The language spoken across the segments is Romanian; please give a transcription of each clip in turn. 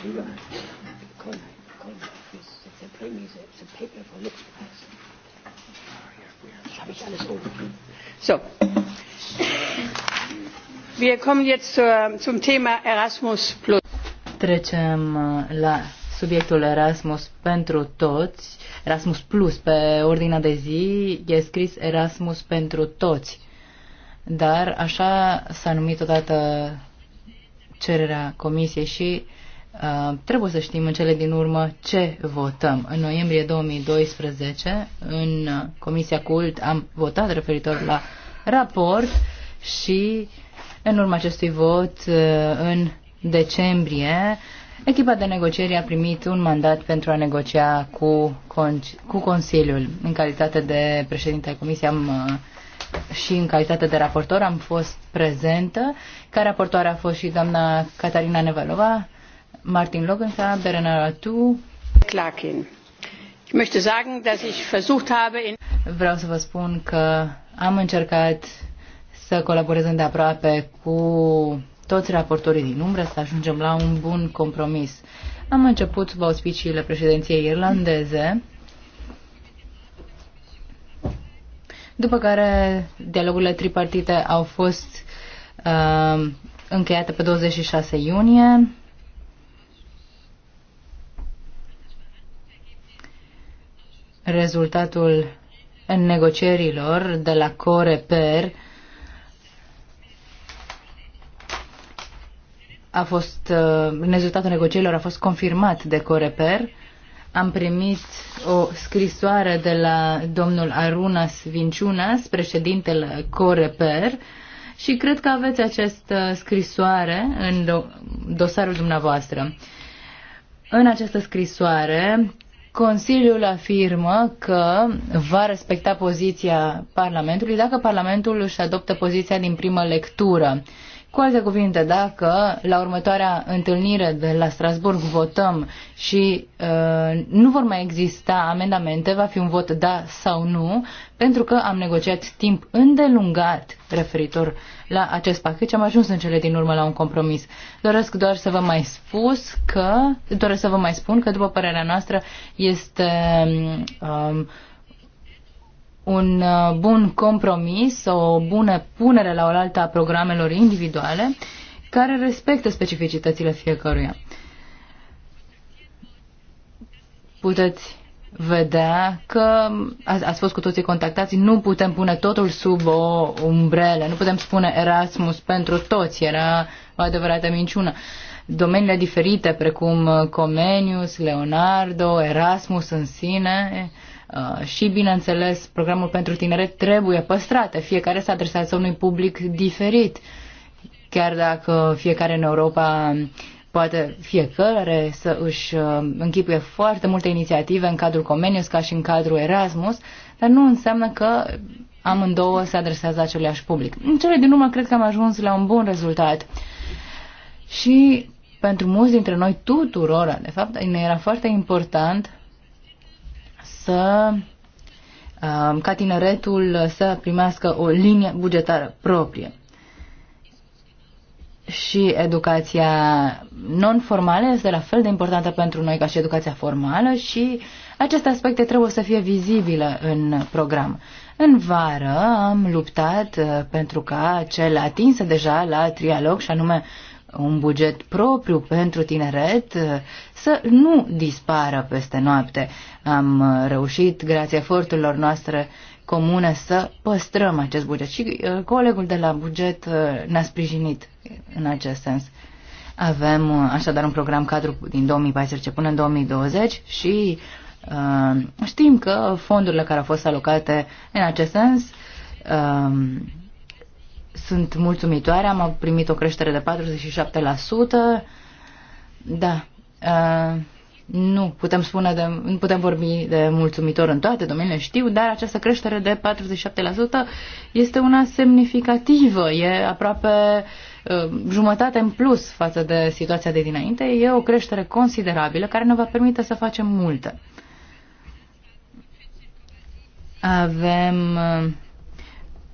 Krüger. Conrad, Conrad, this is the premise, it's a paper for Lux Prize. So. Wir kommen jetzt zur, zum Thema Erasmus+. Plus. Trecem uh, la subiectul Erasmus pentru toți. Erasmus Plus pe ordinea de zi e scris Erasmus pentru toți. Dar așa s-a numit odată cererea comisiei și uh, Uh, trebuie să știm în cele din urmă ce votăm. În noiembrie 2012, în Comisia Cult, am votat referitor la raport și în urma acestui vot, uh, în decembrie, echipa de negocieri a primit un mandat pentru a negocia cu, con- cu Consiliul. În calitate de președinte al Comisiei am uh, și în calitate de raportor am fost prezentă. Ca raportoare a fost și doamna Catarina Nevalova, Martin Logenthal, Bernard Ratu. Clarkin. Ich möchte sagen, dass ich versucht habe in Vreau să vă spun că am încercat să colaborez îndeaproape cu toți raportorii din umbră să ajungem la un bun compromis. Am început sub auspiciile președinției irlandeze, după care dialogurile tripartite au fost uh, încheiate pe 26 iunie. rezultatul negocierilor de la Coreper a fost, uh, rezultatul negocierilor a fost confirmat de Coreper. Am primit o scrisoare de la domnul Arunas Vinciunas, președintele Coreper, și cred că aveți această scrisoare în dosarul dumneavoastră. În această scrisoare, Consiliul afirmă că va respecta poziția Parlamentului dacă Parlamentul își adoptă poziția din primă lectură. Cu alte cuvinte, dacă la următoarea întâlnire de la Strasburg votăm și uh, nu vor mai exista amendamente, va fi un vot da sau nu, pentru că am negociat timp îndelungat referitor la acest pachet și am ajuns în cele din urmă la un compromis. Doresc doar să vă mai spus că, doresc să vă mai spun că, după părerea noastră, este um, un uh, bun compromis, o bună punere la oaltă a programelor individuale care respectă specificitățile fiecăruia. Puteți vedea că ați fost cu toții contactați, nu putem pune totul sub o umbrelă, nu putem spune Erasmus pentru toți, era o adevărată minciună. Domeniile diferite, precum Comenius, Leonardo, Erasmus în sine, Uh, și, bineînțeles, programul pentru tineret trebuie păstrate. Fiecare se adresează unui public diferit. Chiar dacă fiecare în Europa poate fiecare să își uh, închipuie foarte multe inițiative în cadrul Comenius ca și în cadrul Erasmus, dar nu înseamnă că amândouă se adresează aceleași public. În cele din urmă, cred că am ajuns la un bun rezultat. Și pentru mulți dintre noi tuturora, de fapt, ne era foarte important să um, ca tineretul să primească o linie bugetară proprie. Și educația non-formală este la fel de importantă pentru noi ca și educația formală și aceste aspecte trebuie să fie vizibile în program. În vară am luptat uh, pentru ca cel atinse deja la trialog, și anume un buget propriu pentru tineret, uh, să nu dispară peste noapte. Am uh, reușit, grație eforturilor noastre comune, să păstrăm acest buget și uh, colegul de la buget uh, ne-a sprijinit în acest sens. Avem așadar un program cadru din 2014 până în 2020 și uh, știm că fondurile care au fost alocate în acest sens uh, sunt mulțumitoare. Am primit o creștere de 47%. Da, Uh, nu putem spune de, nu putem vorbi de mulțumitor în toate domeniile, știu, dar această creștere de 47% este una semnificativă, e aproape uh, jumătate în plus față de situația de dinainte, e o creștere considerabilă care ne va permite să facem multe. Avem uh,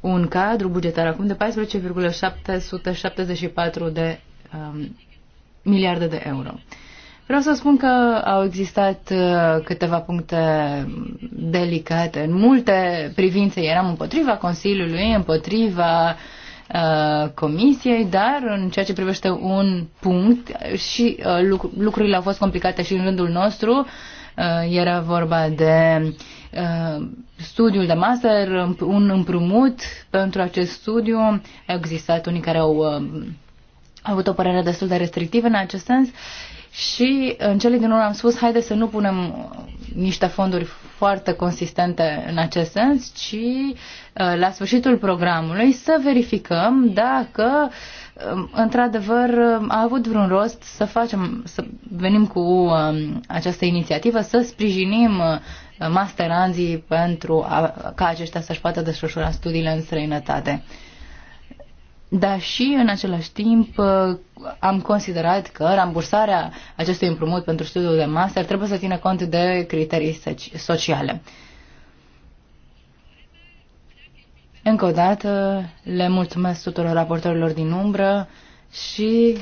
un cadru bugetar acum de 14,774 de uh, miliarde de euro. Uh, Vreau să spun că au existat uh, câteva puncte delicate. În multe privințe eram împotriva Consiliului, împotriva uh, Comisiei, dar în ceea ce privește un punct și uh, lucrurile au fost complicate și în rândul nostru, uh, era vorba de studiul de master, un împrumut pentru acest studiu. Au existat unii care au avut o părere destul de restrictivă în acest sens și în cele din urmă am spus, haide să nu punem uh, niște fonduri foarte consistente în acest sens, ci uh, la sfârșitul programului să verificăm dacă um, într-adevăr um, a avut vreun rost să facem, să venim cu um, această inițiativă, să sprijinim uh, masteranzii pentru a, ca aceștia să-și poată desfășura studiile în străinătate dar și în același timp uh, am considerat că rambursarea acestui împrumut pentru studiul de master trebuie să țină cont de criterii sociale. Încă o dată le mulțumesc tuturor raportorilor din umbră și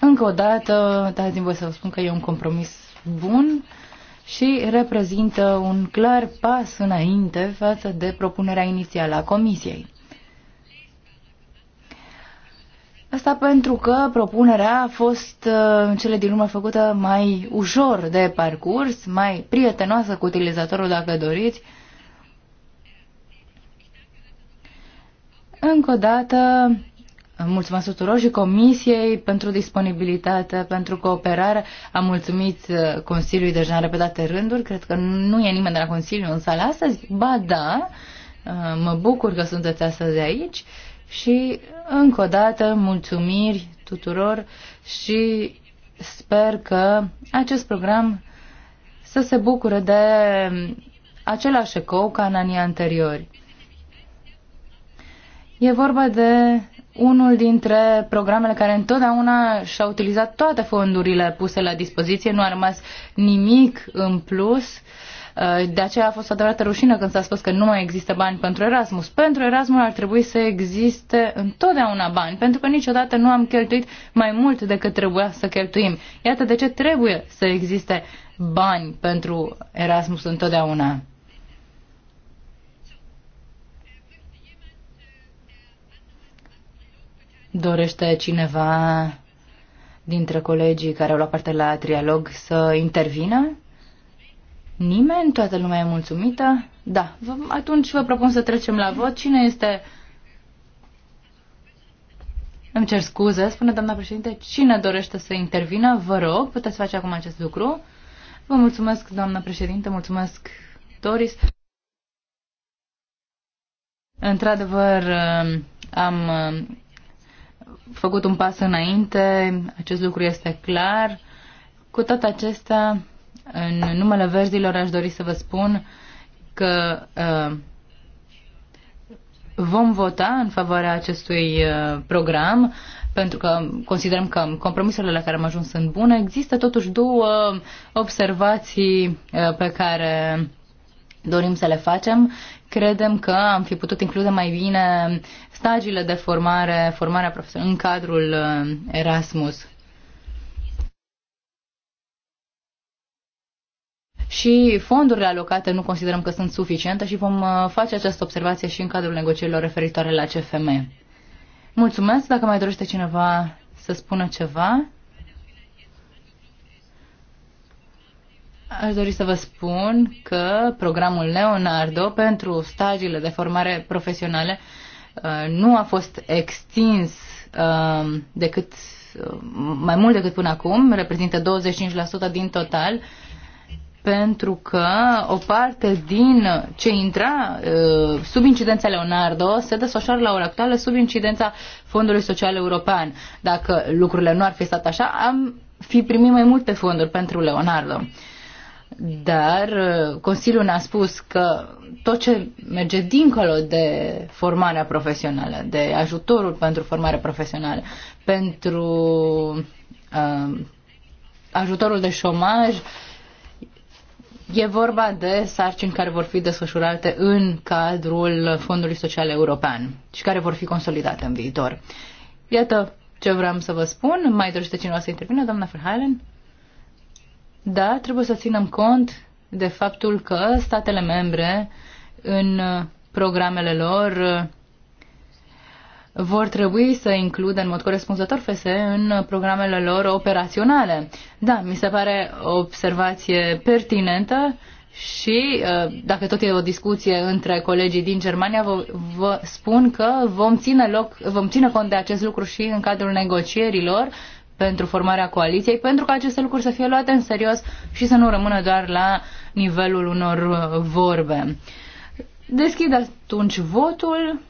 încă o dată dați-mi voi să vă spun că e un compromis bun și reprezintă un clar pas înainte față de propunerea inițială a Comisiei. Asta pentru că propunerea a fost uh, în cele din urmă făcută mai ușor de parcurs, mai prietenoasă cu utilizatorul dacă doriți. Încă o dată, mulțumesc tuturor și Comisiei pentru disponibilitate, pentru cooperare. Am mulțumit uh, Consiliului deja în repetate rânduri. Cred că nu e nimeni de la Consiliu în sală astăzi. Ba da, uh, mă bucur că sunteți astăzi aici. Și, încă o dată, mulțumiri tuturor și sper că acest program să se bucure de același ecou ca în anii anteriori. E vorba de unul dintre programele care întotdeauna și-a utilizat toate fondurile puse la dispoziție, nu a rămas nimic în plus. Uh, Uh, de aceea a fost adevărată rușină când s-a spus că nu mai există bani pentru Erasmus. Pentru Erasmus ar trebui să existe întotdeauna bani, pentru că niciodată nu am cheltuit mai mult decât trebuia să cheltuim. Iată de ce trebuie să existe bani pentru Erasmus întotdeauna. Dorește cineva dintre colegii care au luat parte la trialog să intervină? Nimeni? Toată lumea e mulțumită? Da. Atunci vă propun să trecem la vot. Cine este... Îmi cer scuze, spune doamna președinte, cine dorește să intervină, vă rog, puteți face acum acest lucru. Vă mulțumesc, doamna președinte, mulțumesc, Doris. Într-adevăr, eh, am eh, făcut un pas înainte, acest lucru este clar. Cu tot acestea, în numele verzilor aș dori să vă spun că uh, vom vota în favoarea acestui uh, program pentru că considerăm că compromisurile la care am ajuns sunt bune. Există totuși două observații uh, pe care dorim să le facem. Credem că am fi putut include mai bine stagiile de formare, formarea profesională în cadrul uh, Erasmus. și fondurile alocate nu considerăm că sunt suficiente și vom uh, face această observație și în cadrul negocierilor referitoare la CFM. Mulțumesc. Dacă mai dorește cineva să spună ceva, Aș dori să vă spun că programul Leonardo pentru stagiile de formare profesionale uh, nu a fost extins uh, decât mai mult decât până acum, reprezintă 25% din total pentru că o parte din ce intra uh, sub incidența Leonardo se desfășoară la ora actuală sub incidența Fondului Social European. Dacă lucrurile nu ar fi stat așa, am fi primit mai multe fonduri pentru Leonardo. Dar uh, Consiliul ne-a spus că tot ce merge dincolo de formarea profesională, de ajutorul pentru formare profesională, pentru uh, ajutorul de șomaj, uh, E vorba de sarcini care vor fi desfășurate în cadrul Fondului Social European și care vor fi consolidate în viitor. Iată ce vreau să vă spun. Mai dorește cineva să intervină, doamna Verheilen? Da, trebuie să ținem cont de faptul că statele membre în programele lor vor trebui să includă în mod corespunzător FSE în programele lor operaționale. Da, mi se pare o observație pertinentă și uh, dacă tot e o discuție între colegii din Germania, vă, vă spun că vom ține, loc, vom ține cont de acest lucru și în cadrul negocierilor pentru formarea coaliției, pentru ca aceste lucruri să fie luate în serios și să nu rămână doar la nivelul unor uh, vorbe. Deschid atunci votul.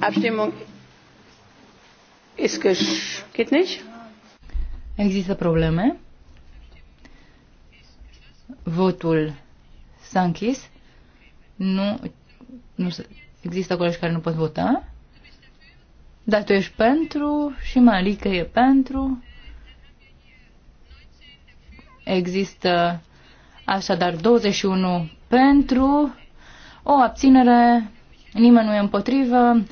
Abstimmung ist geht nicht? Există probleme? Votul s-a închis? Nu, nu există colegi care nu pot vota? Dar tu ești pentru și Malica e pentru. Există așadar 21 pentru, o abținere Nimeni nu e împotrivă.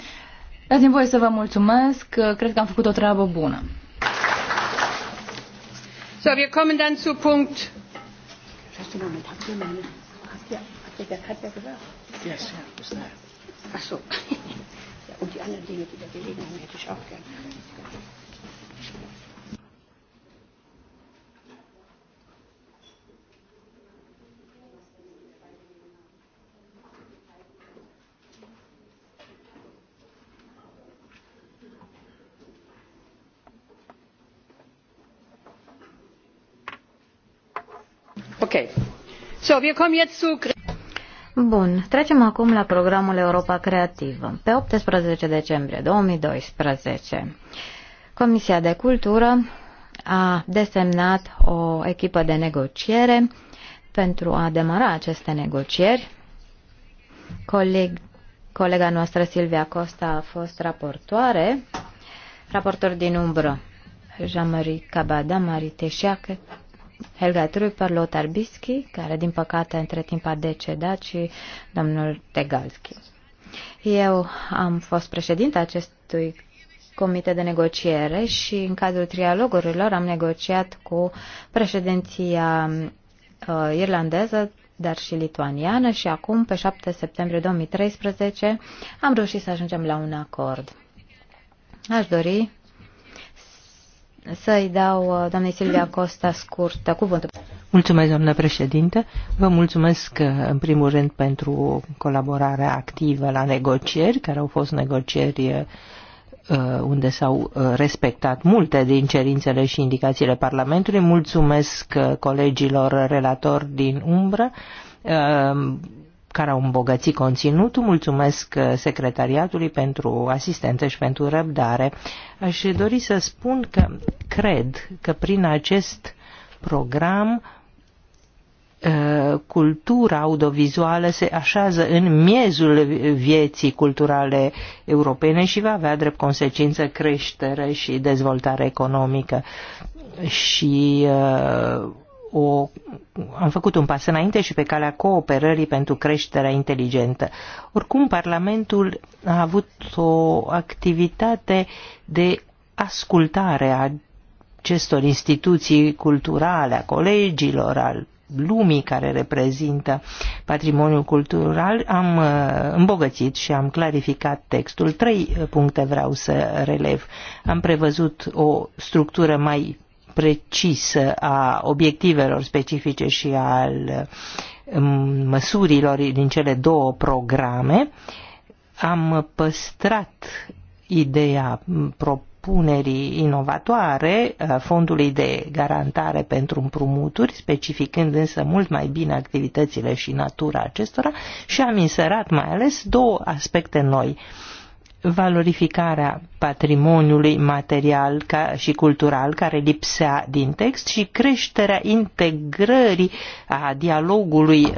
Dați-mi voie să vă mulțumesc, cred că am făcut o treabă bună. So, wir kommen dann zu Punkt. Yes, Ach so. Und die anderen Dinge, die da gelegen haben, hätte ich auch gerne. Bun, trecem acum la programul Europa Creativă. Pe 18 decembrie 2012, Comisia de Cultură a desemnat o echipă de negociere pentru a demara aceste negocieri. Coleg, colega noastră Silvia Costa a fost raportoare, raportor din umbră, Jean-Marie Cabada, Marie Teșeacă, Helga Trupper, Lothar Bischi, care din păcate între timp a decedat, și domnul Tegalski. Eu am fost președinte acestui comitet de negociere și în cadrul trialogurilor am negociat cu președinția uh, irlandeză, dar și lituaniană și acum, pe 7 septembrie 2013, am reușit să ajungem la un acord. Aș dori să-i dau uh, doamnei Silvia Costa scurt cuvântul. Mulțumesc, doamnă președinte. Vă mulțumesc, uh, în primul rând, pentru colaborarea activă la negocieri, care au fost negocieri uh, unde s-au respectat multe din cerințele și indicațiile Parlamentului. Mulțumesc colegilor relatori din umbră care au îmbogățit conținutul. Mulțumesc uh, secretariatului pentru asistență și pentru răbdare. Aș dori să spun că cred că prin acest program uh, cultura audiovizuală se așează în miezul vieții culturale europene și va avea drept consecință creștere și dezvoltare economică. Și uh, o, am făcut un pas înainte și pe calea cooperării pentru creșterea inteligentă. Oricum, Parlamentul a avut o activitate de ascultare a acestor instituții culturale, a colegilor, al lumii care reprezintă patrimoniul cultural, am uh, îmbogățit și am clarificat textul. Trei puncte vreau să relev. Am prevăzut o structură mai precisă a obiectivelor specifice și al mm, măsurilor din cele două programe, am păstrat ideea propunerii inovatoare a fondului de garantare pentru împrumuturi, specificând însă mult mai bine activitățile și natura acestora și am inserat mai ales două aspecte noi. Uh, valorificarea patrimoniului material ca și cultural care lipsea din text și creșterea integrării a dialogului uh,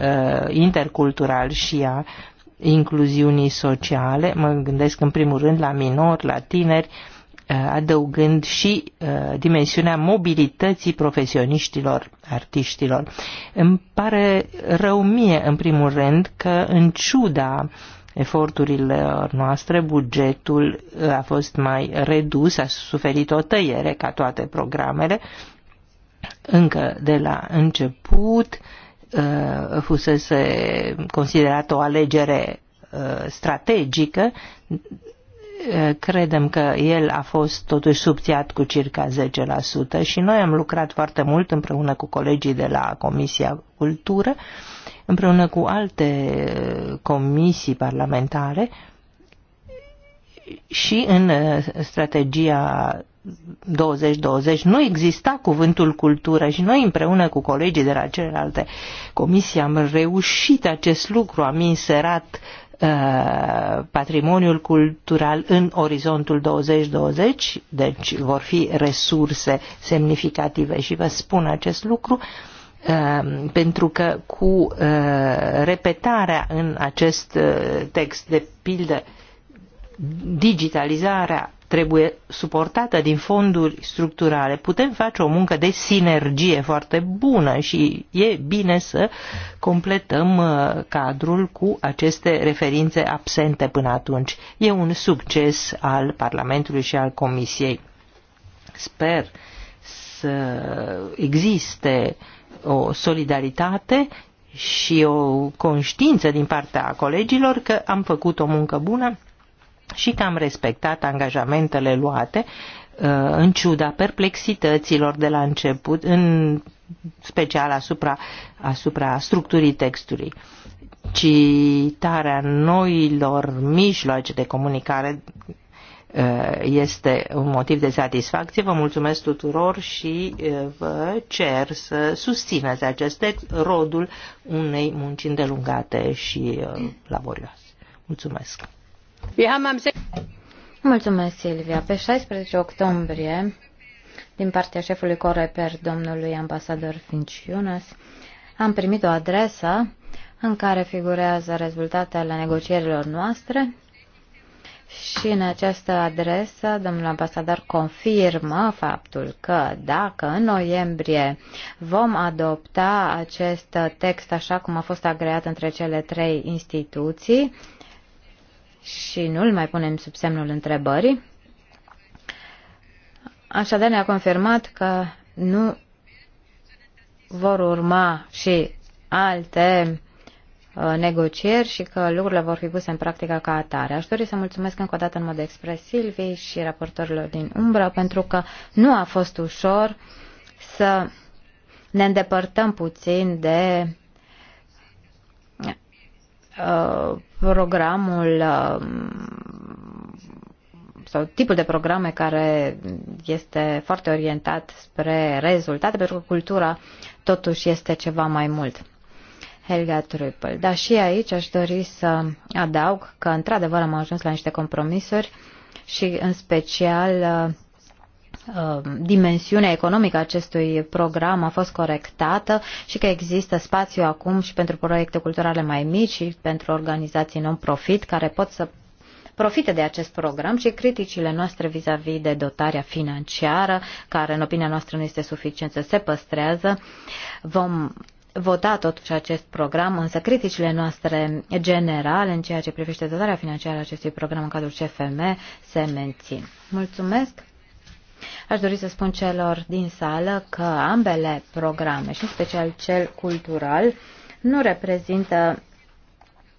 intercultural și a incluziunii sociale. Mă gândesc în primul rând la minori, la tineri, uh, adăugând și uh, dimensiunea mobilității profesioniștilor, artiștilor. Îmi pare rău mie, în primul rând, că în ciuda uh, eforturile noastre, bugetul a fost mai redus, a suferit o tăiere ca toate programele. Încă de la început uh, fusese considerată o alegere uh, strategică, uh, credem că el a fost totuși subțiat cu circa 10% și noi am lucrat foarte mult împreună cu colegii de la Comisia Cultură uh, împreună cu alte uh, comisii parlamentare și în uh, strategia 2020 nu exista cuvântul cultură și noi împreună cu colegii de la celelalte comisii am reușit acest lucru, am inserat uh, patrimoniul cultural în orizontul 2020, deci vor fi resurse semnificative și vă spun acest lucru uh, Ehm, pentru că cu eh, repetarea în acest eh, text, de pildă, digitalizarea trebuie suportată din fonduri structurale, putem face o muncă de sinergie foarte bună și e bine să completăm eh, cadrul cu aceste referințe absente până atunci. E un succes al Parlamentului și al Comisiei. Sper să existe o solidaritate și o conștiință din partea colegilor că am făcut o muncă bună și că am respectat angajamentele luate uh, în ciuda perplexităților de la început, în special asupra, asupra structurii textului. Citarea noilor mijloace de comunicare Eh, este un motiv de satisfacție. Vă mulțumesc tuturor și eh, vă cer să susțineți acest text, rodul unei munci îndelungate și eh, laborioase. Mulțumesc! Mulțumesc, Silvia. Pe 16 octombrie, din partea șefului Coreper, domnului ambasador Finciunas, am primit o adresă în care figurează rezultatele negocierilor noastre și în această adresă, domnul ambasador confirmă faptul că dacă în noiembrie vom adopta acest text așa cum a fost agreat între cele trei instituții și nu îl mai punem sub semnul întrebării, așadar ne-a confirmat că nu vor urma și alte Uh, negocieri și că lucrurile vor fi puse în practică ca atare. Aș dori să mulțumesc încă o dată în mod expres Silvii și raportorilor din umbră pentru că nu a fost ușor să ne îndepărtăm puțin de uh, programul uh, sau tipul de programe care este foarte orientat spre rezultate, pentru că cultura totuși este ceva mai mult. Helga Trüppel. Dar și aici aș dori să adaug că într-adevăr am ajuns la niște compromisuri și în special uh, uh, dimensiunea economică a acestui program a fost corectată și că există spațiu acum și pentru proiecte culturale mai mici și pentru organizații non-profit care pot să profite de acest program și criticile noastre vis-a-vis -vis de dotarea financiară, care în opinia noastră nu este suficientă, se păstrează. Vom vota totuși acest program, însă criticile noastre generale în ceea ce privește dotarea financiară a acestui program în cadrul CFM se mențin. Mulțumesc! Aș dori să spun celor din sală că ambele programe, și în special cel cultural, nu reprezintă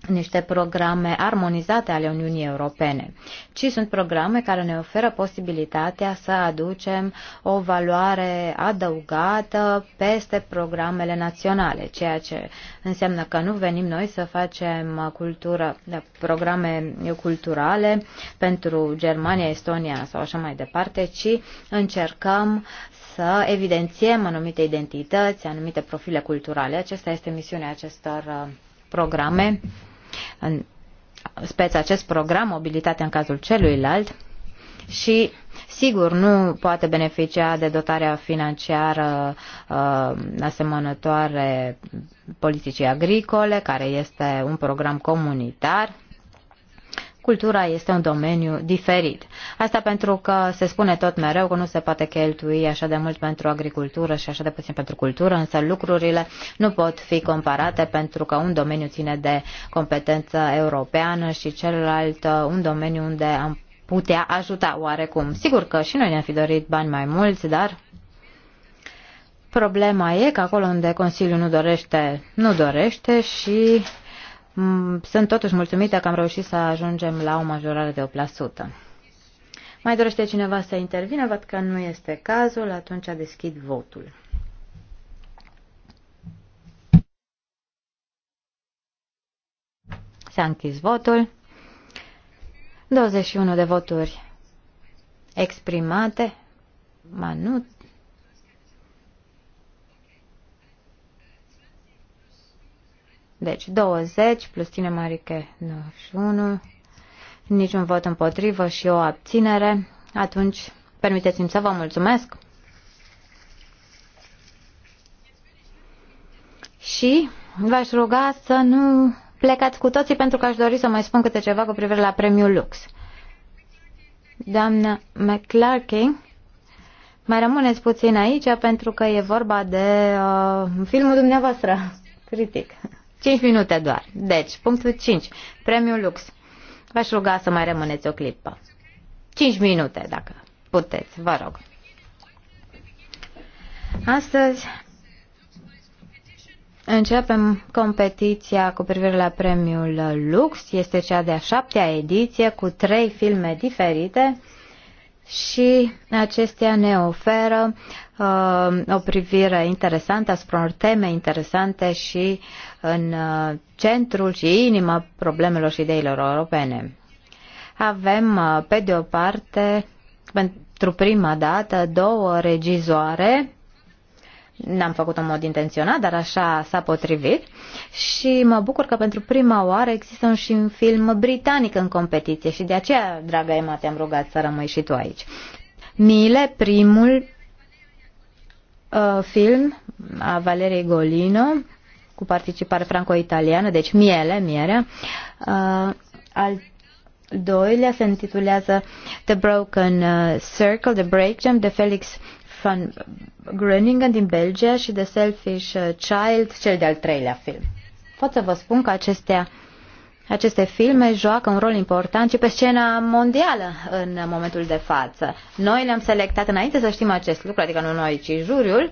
niște programe armonizate ale Uniunii Europene, ci sunt programe care ne oferă posibilitatea să aducem o valoare adăugată peste programele naționale, ceea ce înseamnă că nu venim noi să facem cultură, programe culturale pentru Germania, Estonia sau așa mai departe, ci încercăm să evidențiem anumite identități, anumite profile culturale. Acesta este misiunea acestor uh, programe în speță acest program, mobilitatea în cazul celuilalt și sigur nu poate beneficia de dotarea financiară uh, asemănătoare politicii agricole, care este un program comunitar, cultura este un domeniu diferit. Asta pentru că se spune tot mereu că nu se poate cheltui așa de mult pentru agricultură și așa de puțin pentru cultură, însă lucrurile nu pot fi comparate pentru că un domeniu ține de competență europeană și celălalt uh, un domeniu unde am putea ajuta oarecum. Sigur că și noi ne-am fi dorit bani mai mulți, dar problema e că acolo unde Consiliul nu dorește, nu dorește și Mm, sunt totuși mulțumită că am reușit să ajungem la o majorare de 8%. Mai dorește cineva să intervină? Văd că nu este cazul, atunci deschid votul. S-a închis votul. 21 de voturi exprimate. Manut. Deci 20 plus tine, Mariche, 91, niciun vot împotrivă și o abținere. Atunci, permiteți-mi să vă mulțumesc. Și v-aș ruga să nu plecați cu toții pentru că aș dori să mai spun câte ceva cu privire la premiul Lux. Doamna McClarkey, mai rămâneți puțin aici pentru că e vorba de uh, filmul dumneavoastră critic. 5 minute doar. Deci, punctul 5. Premiul Lux. V-aș ruga să mai rămâneți o clipă. 5 minute, dacă puteți, vă rog. Astăzi începem competiția cu privire la premiul Lux. Este cea de-a șaptea ediție cu trei filme diferite și acestea ne oferă uh, o privire interesantă asupra unor teme interesante și în uh, centrul și inima problemelor și ideilor europene. Avem, uh, pe de o parte, pentru prima dată, două regizoare N-am făcut-o în mod intenționat, dar așa s-a potrivit. Și mă bucur că pentru prima oară există și un film britanic în competiție și de aceea, dragă Emma, te-am rugat să rămâi și tu aici. Mile, primul uh, film a Valeriei Golino, cu participare franco-italiană, deci miele, mierea. Uh, al doilea se intitulează The Broken uh, Circle, The Breakdown, de Felix van Groningen din Belgia și The Selfish Child, cel de-al treilea film. Pot să vă spun că acestea, aceste filme joacă un rol important și pe scena mondială în momentul de față. Noi le-am selectat înainte să știm acest lucru, adică nu noi, ci juriul,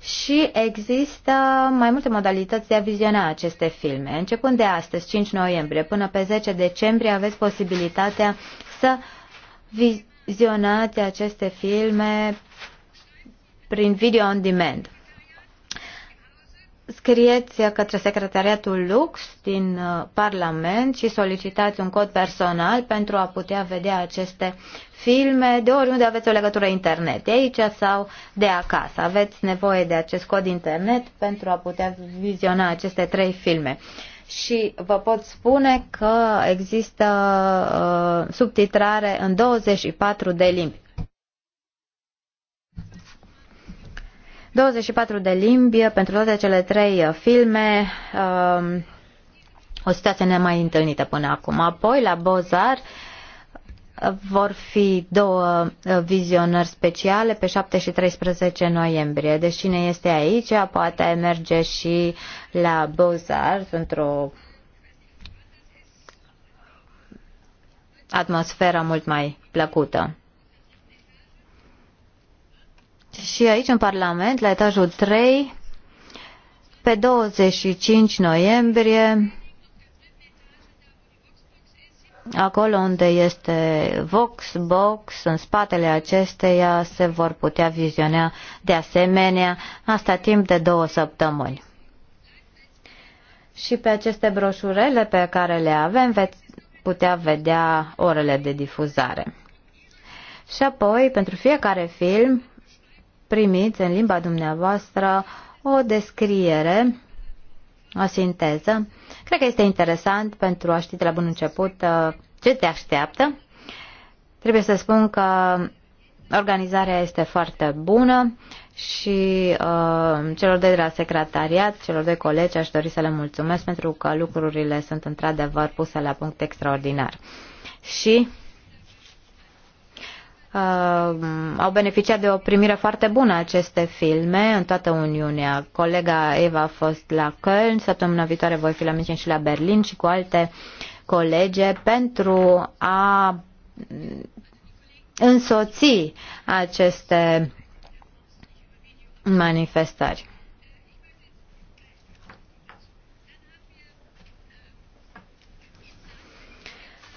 și există mai multe modalități de a viziona aceste filme. Începând de astăzi, 5 noiembrie, până pe 10 decembrie, aveți posibilitatea să vizionați aceste filme prin video on demand. Scrieți către Secretariatul Lux din uh, Parlament și solicitați un cod personal pentru a putea vedea aceste filme de oriunde aveți o legătură internet, de aici sau de acasă. Aveți nevoie de acest cod internet pentru a putea viziona aceste trei filme. Și vă pot spune că există uh, subtitrare în 24 de limbi. 24 de limbi pentru toate cele trei uh, filme, um, o situație nemai întâlnită până acum. Apoi, la Bozar, vor fi două uh, vizionări speciale pe 7 și 13 noiembrie. Deci cine este aici poate merge și la Bozar într-o atmosferă mult mai plăcută. Și aici, în Parlament, la etajul 3, pe 25 noiembrie, acolo unde este Vox Box, în spatele acesteia se vor putea viziona de asemenea, asta timp de două săptămâni. Și pe aceste broșurele pe care le avem veți putea vedea orele de difuzare. Și apoi, pentru fiecare film, primiți în limba dumneavoastră o descriere, o sinteză. Cred că este interesant pentru a ști de la bun început uh, ce te așteaptă. Trebuie să spun că organizarea este foarte bună și uh, celor de la secretariat, celor de colegi aș dori să le mulțumesc pentru că lucrurile sunt într-adevăr puse la punct extraordinar. Și Uh, au beneficiat de o primire foarte bună aceste filme în toată Uniunea. Colega Eva a fost la Köln, săptămâna viitoare voi fi la München și la Berlin și cu alte colege pentru a însoți aceste manifestări.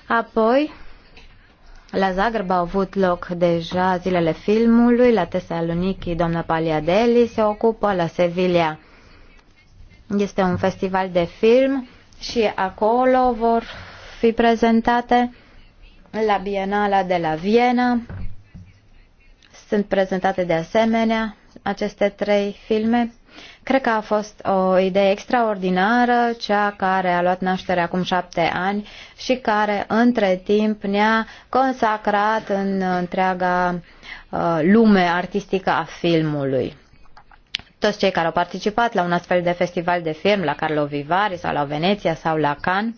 Apoi, la Zagreb au avut loc deja zilele filmului, la Thessaloniki doamna Paliadeli se ocupă, la Sevilla este un festival de film și acolo vor fi prezentate la Bienala de la Viena. Sunt prezentate de asemenea aceste trei filme Cred că a fost o idee extraordinară, cea care a luat naștere acum șapte ani și care între timp ne-a consacrat în întreaga uh, lume artistică a filmului toți cei care au participat la un astfel de festival de film, la Carlo Vivari sau la Veneția sau la Cannes,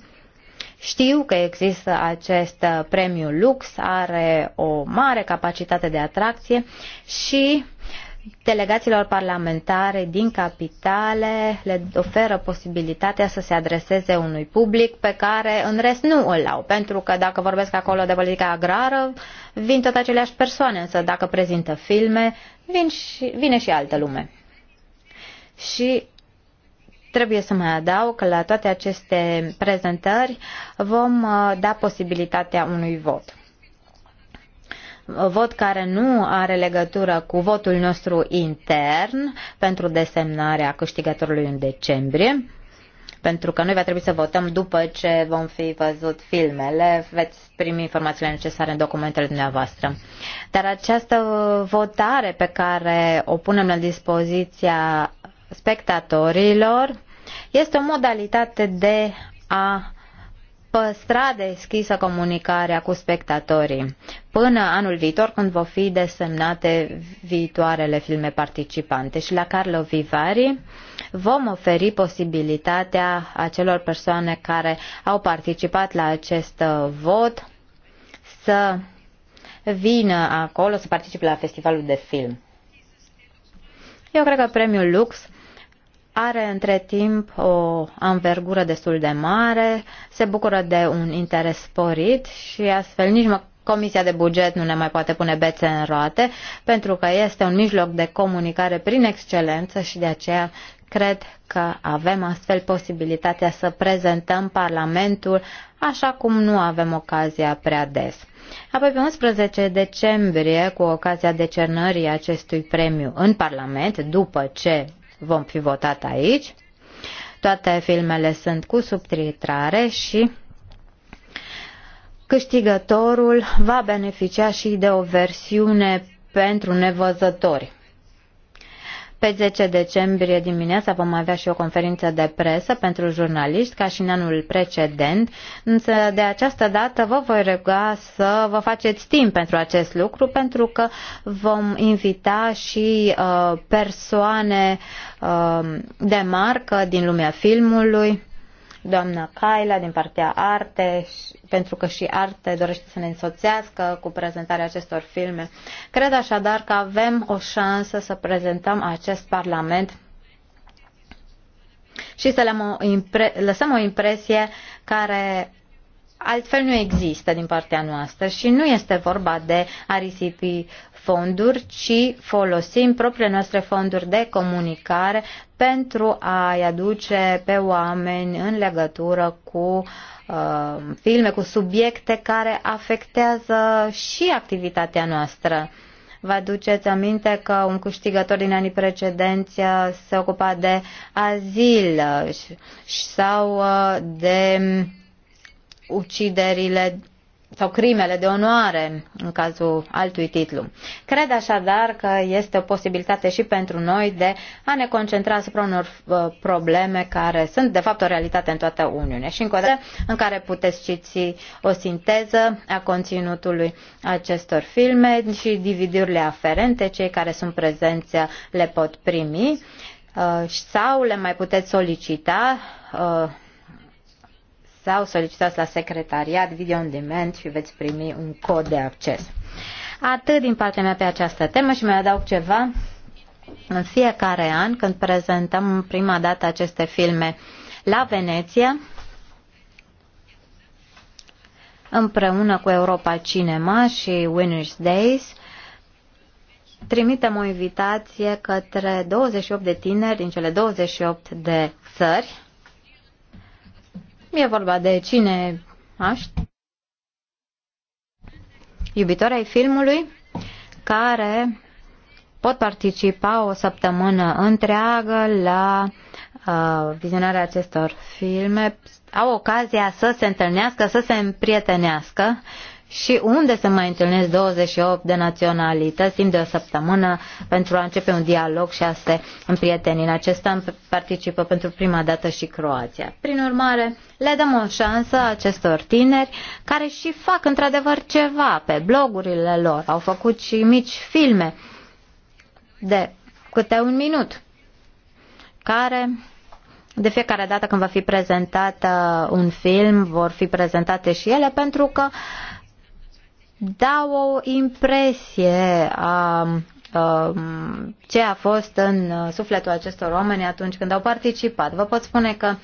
știu că există acest uh, premiu lux, are o mare capacitate de atracție și delegațiilor parlamentare din capitale le oferă posibilitatea să se adreseze unui public pe care în rest nu îl au. Pentru că dacă vorbesc acolo de politică agrară, vin tot aceleași persoane, însă dacă prezintă filme, vin și, vine și altă lume. Și Trebuie să mai adaug că la toate aceste prezentări vom uh, da posibilitatea unui vot vot care nu are legătură cu votul nostru intern pentru desemnarea câștigătorului în decembrie, pentru că noi va trebui să votăm după ce vom fi văzut filmele, veți primi informațiile necesare în documentele dumneavoastră. Dar această votare pe care o punem la dispoziția spectatorilor este o modalitate de a păstra deschisă comunicarea cu spectatorii până anul viitor când vor fi desemnate viitoarele filme participante și la Carlo Vivari vom oferi posibilitatea acelor persoane care au participat la acest uh, vot să vină acolo să participe la festivalul de film. Eu cred că premiul Lux are între timp o anvergură destul de mare, se bucură de un interes sporit și astfel nici mă, Comisia de Buget nu ne mai poate pune bețe în roate, pentru că este un mijloc de comunicare prin excelență și de aceea cred că avem astfel posibilitatea să prezentăm Parlamentul așa cum nu avem ocazia prea des. Apoi, pe 11 decembrie, cu ocazia decernării acestui premiu în Parlament, după ce vom fi votat aici. Toate filmele sunt cu subtitrare și câștigătorul va beneficia și de o versiune pentru nevăzători. Pe 10 decembrie dimineața vom avea și o conferință de presă pentru jurnaliști, ca și în anul precedent, însă de această dată vă voi ruga să vă faceți timp pentru acest lucru, pentru că vom invita și uh, persoane uh, de marcă din lumea filmului, doamna Kaila din partea Arte, pentru că și Arte dorește să ne însoțească cu prezentarea acestor filme. Cred așadar că avem o șansă să prezentăm acest Parlament și să o lăsăm o impresie care altfel nu există din partea noastră și nu este vorba de a risipi fonduri, ci folosim propriile noastre fonduri de comunicare pentru a-i aduce pe oameni în legătură cu uh, filme, cu subiecte care afectează și activitatea noastră. Vă aduceți aminte că un câștigător din anii precedenți uh, se ocupa de azil uh, sau uh, de um, uciderile sau crimele de onoare în cazul altui titlu. Cred așadar că este o posibilitate și pentru noi de a ne concentra asupra unor uh, probleme care sunt de fapt o realitate în toată Uniunea și încă o dată în care puteți citi o sinteză a conținutului acestor filme și dividurile aferente, cei care sunt prezenți le pot primi uh, sau le mai puteți solicita uh, sau solicitați la secretariat video on demand și veți primi un cod de acces. Atât din partea mea pe această temă și mai adaug ceva. În fiecare an, când prezentăm prima dată aceste filme la Veneția, împreună cu Europa Cinema și Winners Days, trimitem o invitație către 28 de tineri din cele 28 de țări E vorba de cine aști? iubitori ai filmului care pot participa o săptămână întreagă la uh, vizionarea acestor filme, au ocazia să se întâlnească, să se împrietenească și unde să mai întâlnesc 28 de naționalități timp de o săptămână pentru a începe un dialog și a se împrieteni. În acest an participă pentru prima dată și Croația. Prin urmare, le dăm o șansă acestor tineri care și fac într-adevăr ceva pe blogurile lor. Au făcut și mici filme de câte un minut care de fiecare dată când va fi prezentat un film, vor fi prezentate și ele, pentru că dau o impresie a ce a fost în sufletul acestor oameni atunci când au participat. Vă pot spune că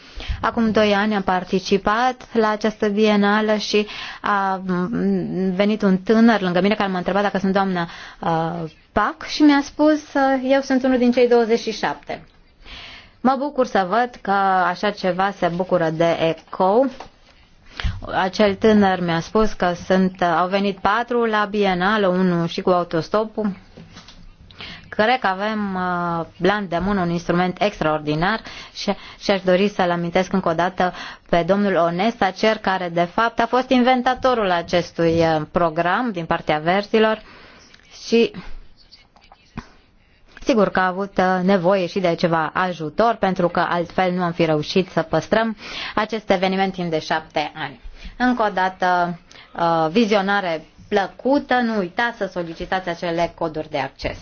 acum doi ani am participat la această bienală și a venit un tânăr lângă mine care m-a întrebat dacă sunt doamna PAC și mi-a spus că eu sunt unul din cei 27. Mă bucur să văd că așa ceva se bucură de eco acel tânăr mi-a spus că sunt, au venit patru la bienală, unul și cu autostopul. Cred că avem uh, la îndemână un instrument extraordinar și, și aș dori să-l amintesc încă o dată pe domnul Onesta, cer care de fapt a fost inventatorul acestui uh, program din partea verzilor și Sigur că a avut uh, nevoie și de ceva ajutor, pentru că altfel nu am fi reușit să păstrăm acest eveniment timp de șapte ani. Încă o dată, uh, vizionare plăcută, nu uitați să solicitați acele coduri de acces.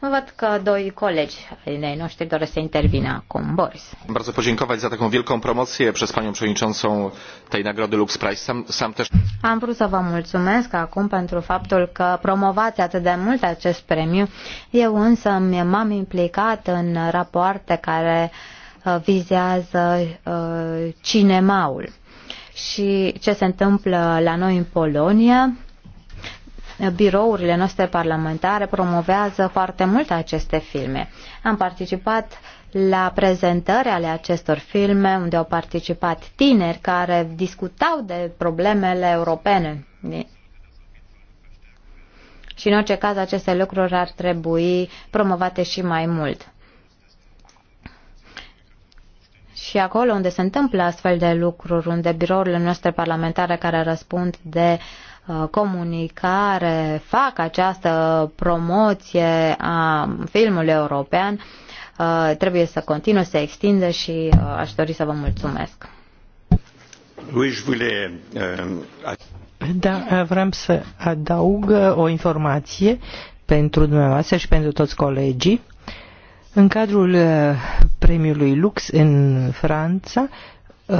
Mă Văd că doi colegi ai noștri doresc să intervină acum. Boris. Bardzo podziękować za taką wielką promocję przez panią przewodniczącą tej nagrody Lux Prize. Sam, sam też... Am vrut să vă mulțumesc acum pentru faptul că promovați atât de mult acest premiu. Eu însă m-am implicat în rapoarte care uh, vizează uh, cinemaul și ce se întâmplă la noi în Polonia birourile noastre parlamentare promovează foarte mult aceste filme. Am participat la prezentări ale acestor filme unde au participat tineri care discutau de problemele europene. Și în orice caz aceste lucruri ar trebui promovate și mai mult. Și acolo unde se întâmplă astfel de lucruri, unde birourile noastre parlamentare care răspund de uh, Uh, comunicare fac această promoție a filmului european uh, trebuie să continue să extindă și uh, aș dori să vă mulțumesc. Euh, da, vreau să adaug o informație pentru dumneavoastră și pentru toți colegii. În cadrul premiului Lux în Franța, Uh,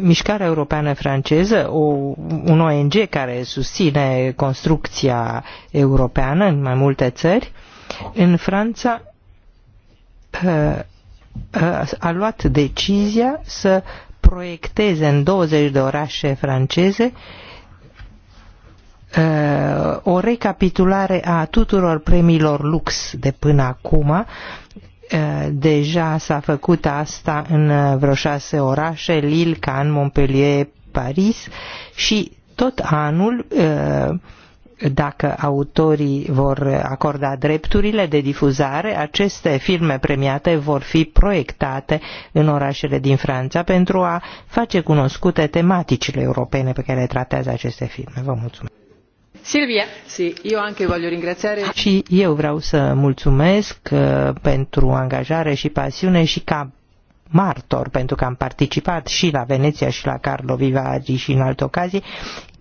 mișcarea Europeană Franceză, o, un ONG care susține construcția europeană în mai multe țări, în Franța uh, uh, a luat decizia să proiecteze în 20 de orașe franceze o recapitulare a tuturor premiilor lux de până acum Eh, deja s-a făcut asta în eh, vreo șase orașe, Lille, Cannes, Montpellier, Paris și tot anul eh, dacă autorii vor acorda drepturile de difuzare, aceste filme premiate vor fi proiectate în orașele din Franța pentru a face cunoscute tematicile europene pe care le tratează aceste filme. Vă mulțumesc! Silvia, Și eu vreau să mulțumesc uh, pentru angajare și pasiune și ca martor, pentru că am participat și la Veneția și la Carlo Vivagi și în alte ocazii,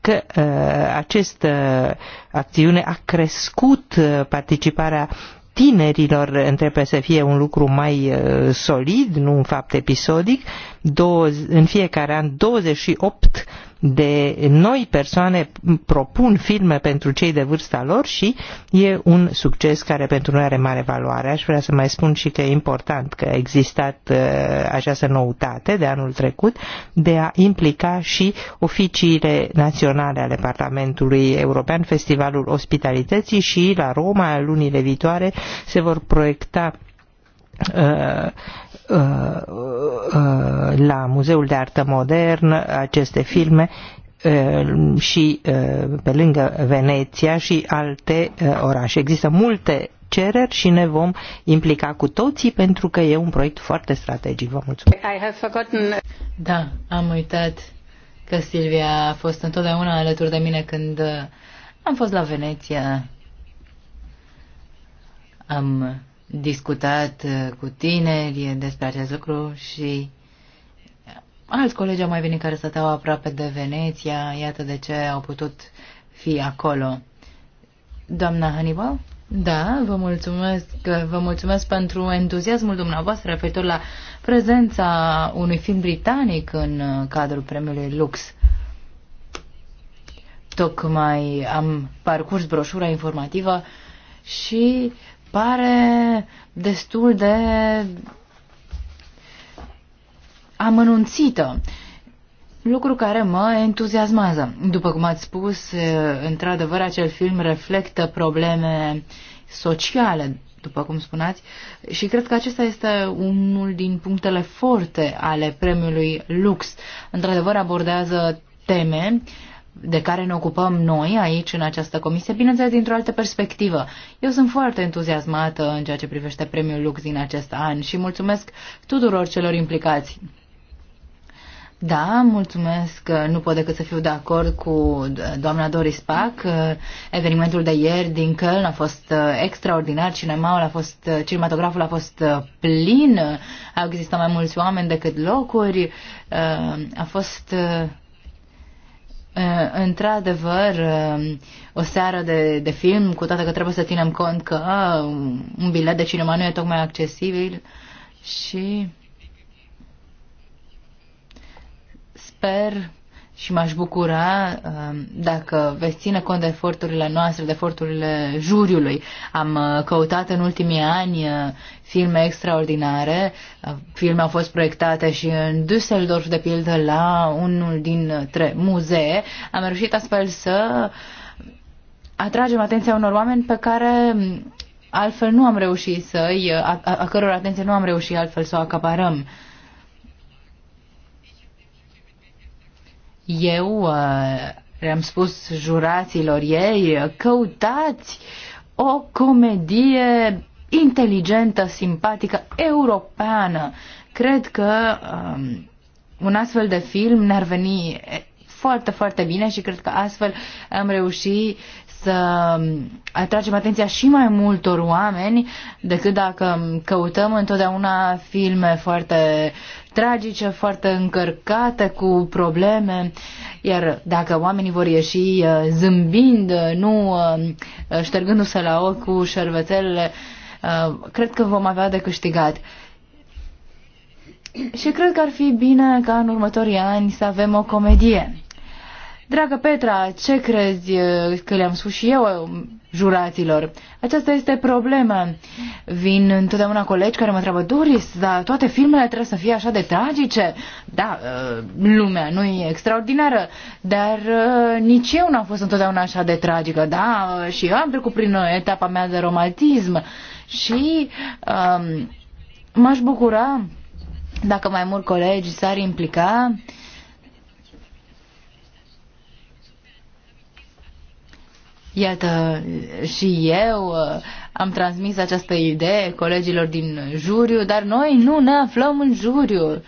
că uh, această uh, acțiune a crescut uh, participarea tinerilor trebuie să fie un lucru mai uh, solid, nu un fapt episodic. în fiecare an 28 de noi persoane propun filme pentru cei de vârsta lor și e un succes care pentru noi are mare valoare. Aș vrea să mai spun și că e important că a existat uh, această noutate de anul trecut de a implica și oficiile naționale ale Parlamentului European, Festivalul Ospitalității și la Roma lunile viitoare se vor proiecta Uh, uh, la Muzeul de Artă Modern aceste filme uh, și pe lângă Veneția și alte orașe. Există multe cereri și ne vom implica cu toții pentru că e un proiect foarte strategic. Vă mulțumesc. I have forgotten... Da, am uitat că Silvia a fost întotdeauna alături de mine când am fost la Veneția. Am discutat uh, cu tineri despre acest lucru și alți colegi au mai venit care stăteau aproape de Veneția, iată de ce au putut fi acolo. Doamna Hannibal? Da, vă mulțumesc, vă mulțumesc pentru entuziasmul dumneavoastră referitor la prezența unui film britanic în uh, cadrul premiului Lux. Tocmai am parcurs broșura informativă și uh, pare destul de amănunțită, lucru care mă entuziasmează. După cum ați spus, într-adevăr, acel film reflectă probleme sociale, după cum spuneați, și cred că acesta este unul din punctele forte ale premiului Lux. Într-adevăr, abordează teme de care ne ocupăm noi aici în această comisie, bineînțeles dintr-o altă perspectivă. Eu sunt foarte entuziasmată în ceea ce privește premiul Lux din acest an și mulțumesc tuturor celor implicați. Da, mulțumesc. Nu pot decât să fiu de acord cu doamna Doris Pac. Evenimentul de ieri din Köln a fost extraordinar. Cinemaul a fost, cinematograful a fost plin. Au existat mai mulți oameni decât locuri. A fost Uh, într-adevăr, uh, o seară de, de film, cu toate că trebuie să ținem cont că a, uh, un bilet de cinema nu e tocmai accesibil și sper și m-aș bucura um, dacă veți ține cont de eforturile noastre, de eforturile juriului. Am uh, căutat în ultimii ani uh, filme extraordinare. Uh, filme au fost proiectate și în Düsseldorf, de pildă, la unul dintre muzee. Am reușit astfel să atragem atenția unor oameni pe care um, altfel nu am reușit să-i, a, a, a căror atenție nu am reușit altfel să o acaparăm. Uh, Eu uh, le-am spus juraților ei, căutați o comedie inteligentă, simpatică, europeană. Cred că um, un astfel de film ne-ar veni eh, foarte, foarte bine și cred că astfel am reușit să um, atragem atenția și mai multor oameni decât dacă um, căutăm întotdeauna filme foarte tragice, foarte încărcate cu probleme, iar dacă oamenii vor ieși uh, zâmbind, uh, nu uh, ștergându-se la ochi cu șervețelele, cred că vom avea de câștigat. Și cred că ar fi bine ca în următorii ani să avem o comedie. Dragă Petra, ce crezi uh, că le-am spus și eu um, juraților? Aceasta este problema. Vin întotdeauna colegi care mă întreabă, Doris, dar toate filmele trebuie să fie așa de tragice? Da, uh, lumea nu e extraordinară, dar uh, nici eu n-am fost întotdeauna așa de tragică. Da, și eu am trecut prin etapa mea de romantism și um, m-aș bucura dacă mai mulți colegi s-ar implica uh, Iată, și eu uh, am transmis această idee colegilor din juriu, dar noi nu ne aflăm în juriu.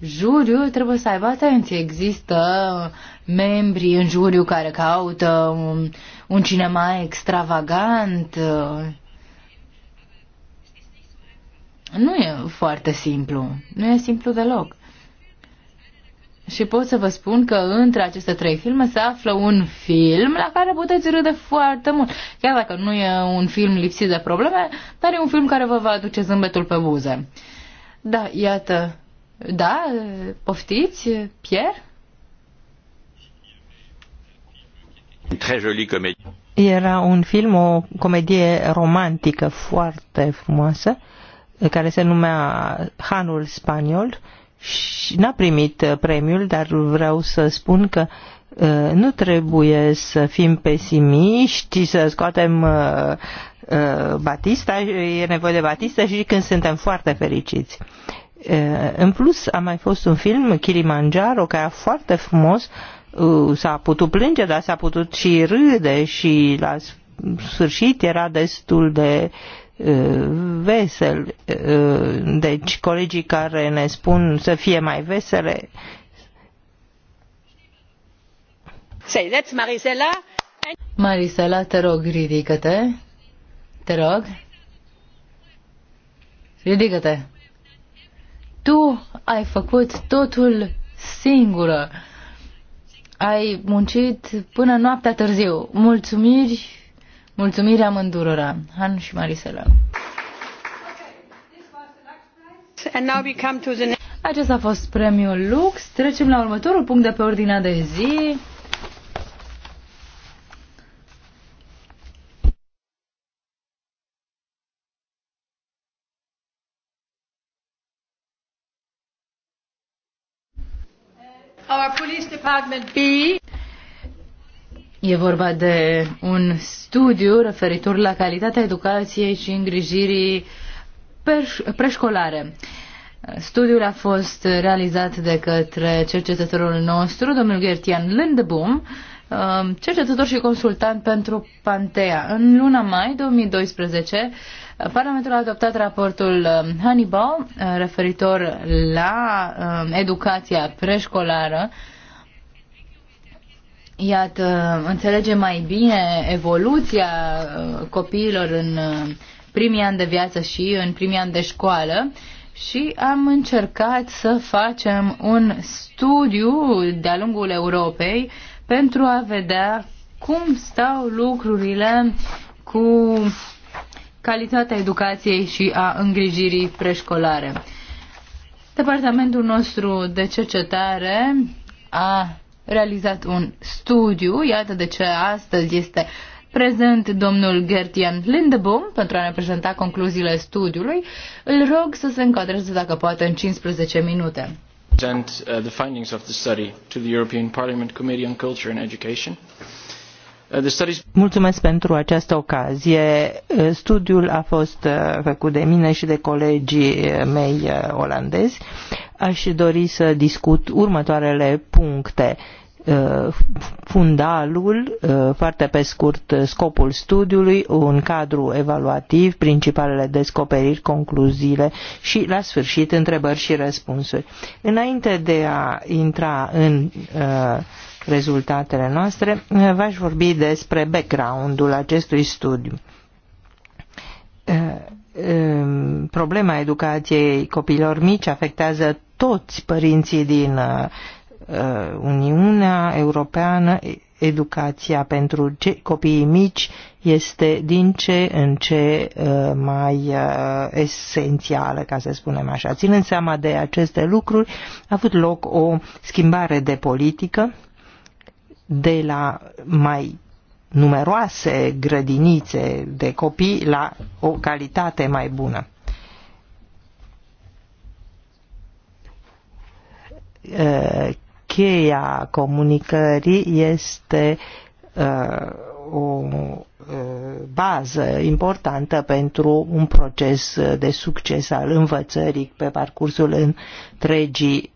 Juriu trebuie să aibă atenție. Există membri în juriu care caută un, un cinema extravagant. Nu e foarte simplu. Nu e simplu deloc. Și pot să vă spun că între aceste trei filme se află un film la care puteți râde foarte mult. Chiar dacă nu e un film lipsit de probleme, dar e un film care vă va aduce zâmbetul pe buze. Da, iată. Da, poftiți, Pierre? Era un film, o comedie romantică foarte frumoasă, care se numea Hanul Spaniol și n-a primit uh, premiul, dar vreau să spun că uh, nu trebuie să fim pesimiști, să scoatem uh, Batista, e nevoie de Batista și când suntem foarte fericiți. În plus, a mai fost un film, Kilimanjaro, care a foarte frumos, s-a putut plânge, dar s-a putut și râde și la sfârșit era destul de vesel. Deci colegii care ne spun să fie mai vesele Say, that's Marisela. Marisela, te rog, ridică-te. Te rog. Ridică-te. Tu ai făcut totul singură. Ai muncit până noaptea târziu. Mulțumiri Mulțumirea mândurora, Han și Marisela. Acesta a fost premiul Lux. Trecem la următorul punct de pe ordinea de zi. Our police department be E vorba de un studiu referitor la calitatea educației și îngrijirii preșcolare. Studiul a fost realizat de către cercetătorul nostru, domnul Gertian Lindebum, um, cercetător și consultant pentru Pantea. În luna mai 2012, Parlamentul a adoptat raportul um, Hannibal uh, referitor la um, educația preșcolară iată, înțelege mai bine evoluția uh, copiilor în uh, primii ani de viață și în primii ani de școală și am încercat să facem un studiu de-a lungul Europei pentru a vedea cum stau lucrurile cu calitatea educației și a îngrijirii preșcolare. Departamentul nostru de cercetare a realizat un studiu, iată de ce astăzi este prezent domnul Gertian Lindebom pentru a ne prezenta concluziile studiului. Îl rog să se încadreze dacă poate în 15 minute. Present uh, the findings of the study to the European Parliament Committee on Culture and Education. Uh, Mulțumesc pentru această ocazie. Uh, studiul a fost uh, făcut de mine și de colegii mei olandezi. Aș dori să discut următoarele puncte uh, fundalul, uh, foarte pe scurt uh, scopul studiului, un cadru evaluativ, principalele descoperiri, concluziile și, la sfârșit, întrebări și răspunsuri. Înainte de a intra în rezultatele noastre, v-aș vorbi despre background-ul acestui studiu. Um, problema educației copiilor mici afectează toți părinții din uh, uh, Uniunea Europeană, educația pentru ce, copiii mici este din ce în ce uh, mai esențială, ca să spunem așa. Ținând seama de aceste lucruri, a avut loc o schimbare de politică de la mai numeroase grădinițe de copii la o calitate mai bună. Eh, cheia comunicării este eh, o eh, bază importantă pentru un proces de succes al învățării pe parcursul întregii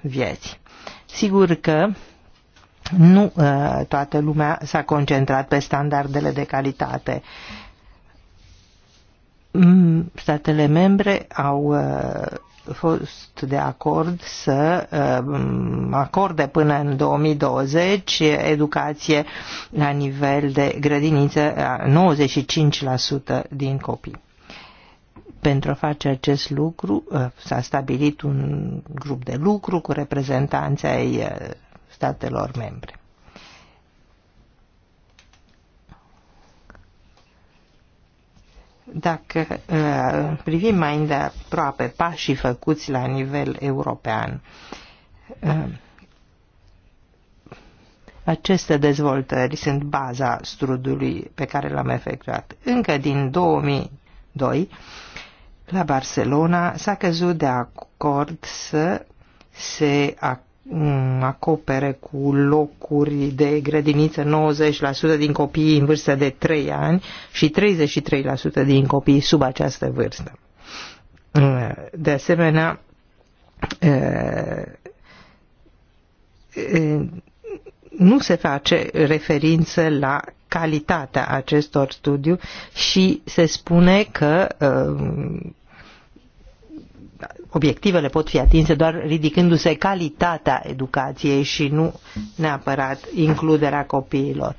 vieți. Sigur că nu toată lumea s-a concentrat pe standardele de calitate. Mm, statele membre au fost de acord să uh, acorde până în 2020 educație la nivel de grădiniță a 95% din copii. Pentru a face acest lucru uh, s-a stabilit un grup de lucru cu reprezentanții ai uh, statelor membre. Dacă uh, privim mai îndeaproape pașii făcuți la nivel european, uh, aceste dezvoltări sunt baza studiului pe care l-am efectuat. Încă din 2002, la Barcelona, s-a căzut de acord să se ac Mm, acopere cu locuri de grădiniță 90% din copiii în vârstă de 3 ani și 33% din copiii sub această vârstă. Mm, de asemenea, eh, eh, nu se face referință la calitatea acestor studiu și se spune că eh, obiectivele pot fi atinse doar ridicându-se calitatea educației și nu neapărat includerea copiilor.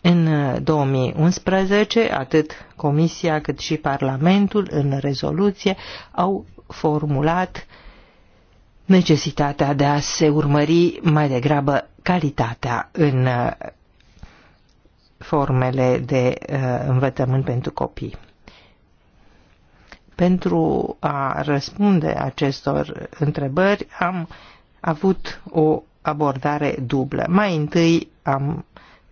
În 2011, atât Comisia cât și Parlamentul, în rezoluție, au formulat necesitatea de a se urmări mai degrabă calitatea în uh, formele de uh, învățământ pentru copii. Pentru a răspunde acestor întrebări am avut o abordare dublă. Mai întâi am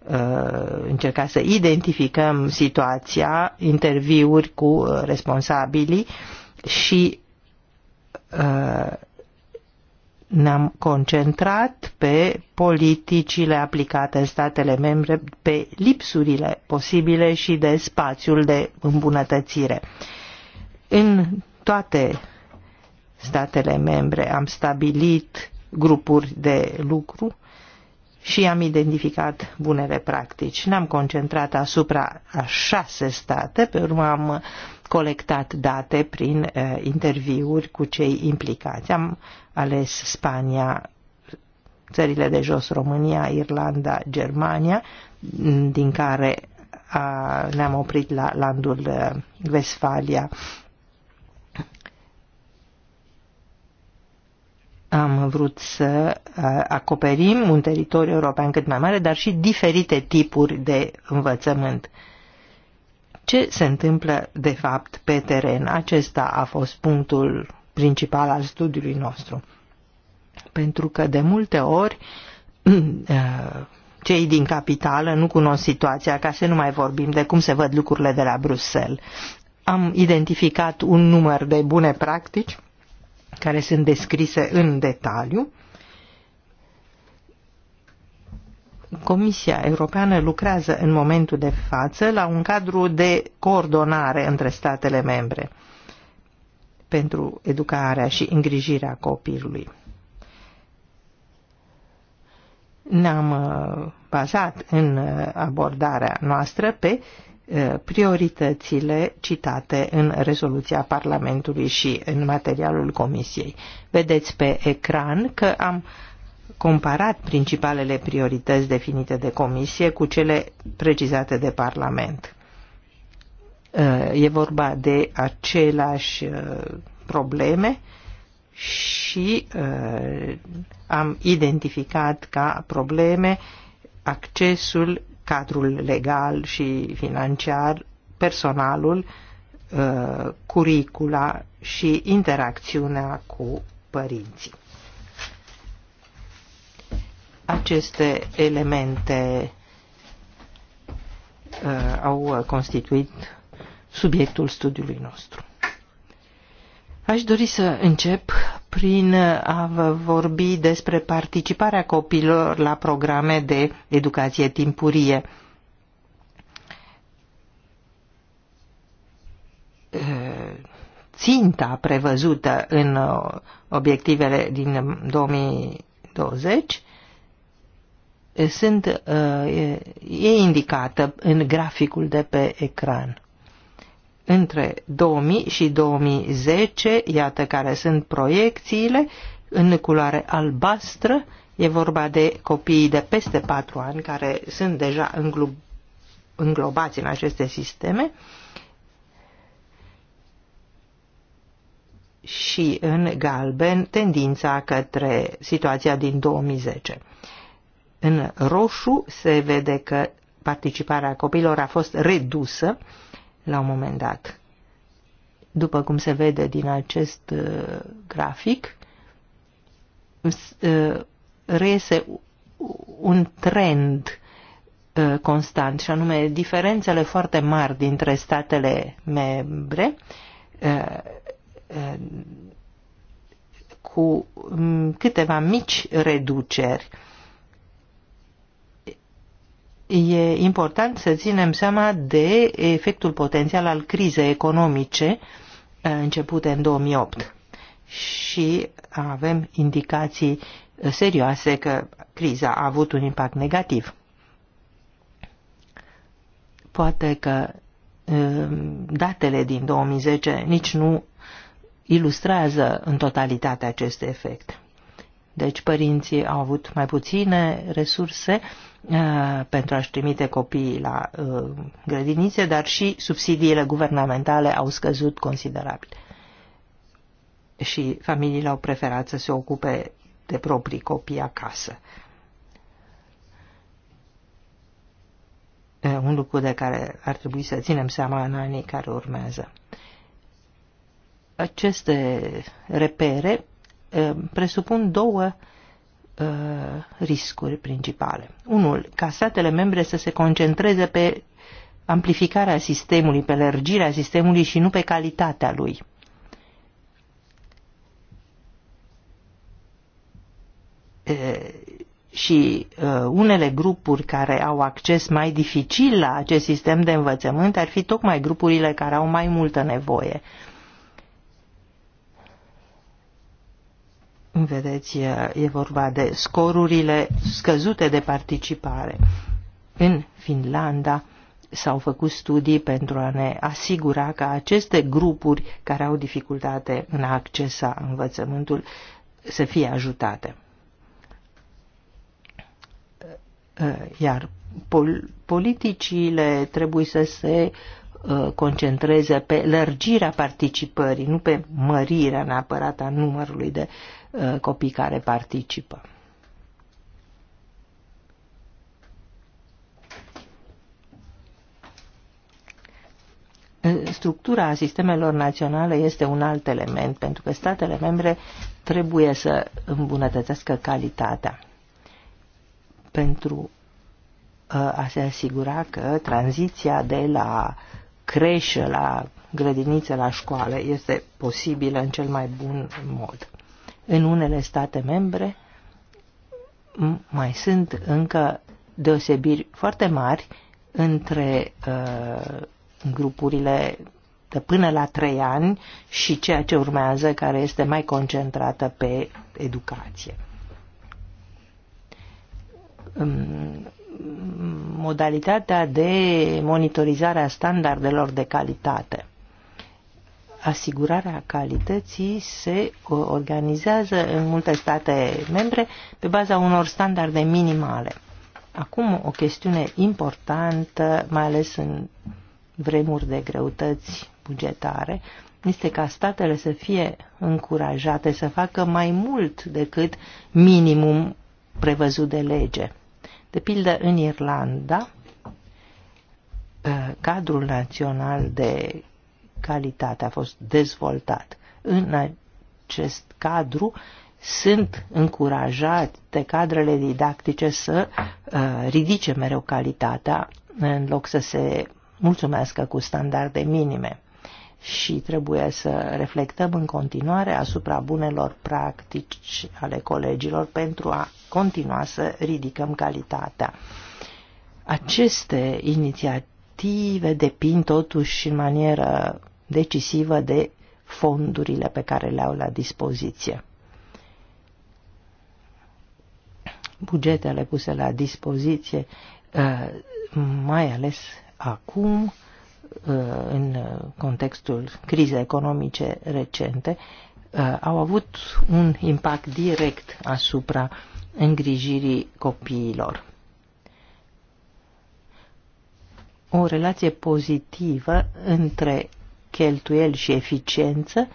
uh, încercat să identificăm situația, interviuri cu uh, responsabilii și uh, ne-am concentrat pe politicile aplicate în statele membre, pe lipsurile posibile și de spațiul de îmbunătățire. Uh, în toate statele membre am stabilit grupuri de lucru și am identificat bunele practici. Ne-am concentrat asupra a șase state, pe urmă am colectat date prin uh, interviuri cu cei implicați. Am ales Spania, țările de jos, România, Irlanda, Germania, din care ne-am oprit la landul Westfalia Am vrut să uh, acoperim un teritoriu european cât mai mare, dar și diferite tipuri de învățământ. Ce se întâmplă, de fapt, pe teren? Acesta a fost punctul principal al studiului nostru. Pentru că, de multe ori, uh, cei din capitală nu cunosc situația, ca să nu mai vorbim de cum se văd lucrurile de la Bruxelles. Am identificat un număr de bune practici care sunt descrise în detaliu. Comisia Europeană lucrează în momentul de față la un cadru de coordonare între statele membre pentru educarea și îngrijirea copilului. Ne-am uh, bazat în uh, abordarea noastră pe prioritățile citate în rezoluția Parlamentului și în materialul Comisiei. Vedeți pe ecran că am comparat principalele priorități definite de Comisie cu cele precizate de Parlament. E vorba de aceleași uh, probleme și uh, am identificat ca probleme accesul cadrul legal și financiar, personalul, uh, curicula și interacțiunea cu părinții. Aceste elemente uh, au constituit subiectul studiului nostru. Aș dori să încep prin a vorbi despre participarea copiilor la programe de educație timpurie. Eh, ținta prevăzută în uh, obiectivele din 2020 eh, sunt, eh, e indicată în graficul de pe ecran între 2000 și 2010, iată care sunt proiecțiile, în culoare albastră, e vorba de copiii de peste 4 ani care sunt deja înglobați în aceste sisteme și în galben tendința către situația din 2010. În roșu se vede că participarea copiilor a fost redusă, la un moment dat. După cum se vede din acest uh, grafic, uh, reiese un trend uh, constant, și anume diferențele foarte mari dintre statele membre cu câteva mici reduceri e important să ținem seama de efectul potențial al crizei economice uh, începute în 2008 și avem indicații serioase că criza a avut un impact negativ. Poate că um, datele din 2010 nici nu ilustrează în totalitate acest efect. Deci părinții au avut mai puține resurse Uh, pentru a-și trimite copiii la uh, grădinițe, dar și subsidiile guvernamentale au scăzut considerabil. Și familiile au preferat să se ocupe de proprii copii acasă. Uh, un lucru de care ar trebui să ținem seama în anii care urmează. Aceste repere presupun două uh, riscuri principale. Unul, ca statele membre să se concentreze pe amplificarea sistemului, pe lărgirea sistemului și nu pe calitatea lui. E, și uh, unele grupuri care au acces mai dificil la acest sistem de învățământ ar fi tocmai grupurile care au mai multă nevoie. Vedeți, e vorba de scorurile scăzute de participare. În Finlanda s-au făcut studii pentru a ne asigura că aceste grupuri care au dificultate în a accesa învățământul să fie ajutate. Iar pol politicile trebuie să se concentreze pe lărgirea participării, nu pe mărirea neapărat a numărului de uh, Uh, copii care participă. Structura sistemelor naționale este un alt element, pentru că statele membre trebuie să îmbunătățească calitatea pentru uh, a se asigura că tranziția de la creșă, la grădiniță, la școală este posibilă în cel mai bun mod. În unele state membre mai sunt încă deosebiri foarte mari între uh, grupurile de până la trei ani și ceea ce urmează, care este mai concentrată pe educație. Um, modalitatea de monitorizare a standardelor de calitate – asigurarea calității se organizează în multe state membre pe baza unor standarde minimale. Acum o chestiune importantă, mai ales în vremuri de greutăți bugetare, este ca statele să fie încurajate să facă mai mult decât minimum prevăzut de lege. De pildă, în Irlanda, eh, cadrul național de calitate, a fost dezvoltat. În acest cadru sunt încurajate cadrele didactice să uh, ridice mereu calitatea în loc să se mulțumească cu standarde minime și trebuie să reflectăm în continuare asupra bunelor practici ale colegilor pentru a continua să ridicăm calitatea. Aceste inițiative depind totuși în manieră decisivă de fondurile pe care le au la dispoziție. Bugetele puse la dispoziție, uh, mai ales acum, uh, în contextul crizei economice recente, uh, au avut un impact direct asupra îngrijirii copiilor. O relație pozitivă între cheltuieli și eficiență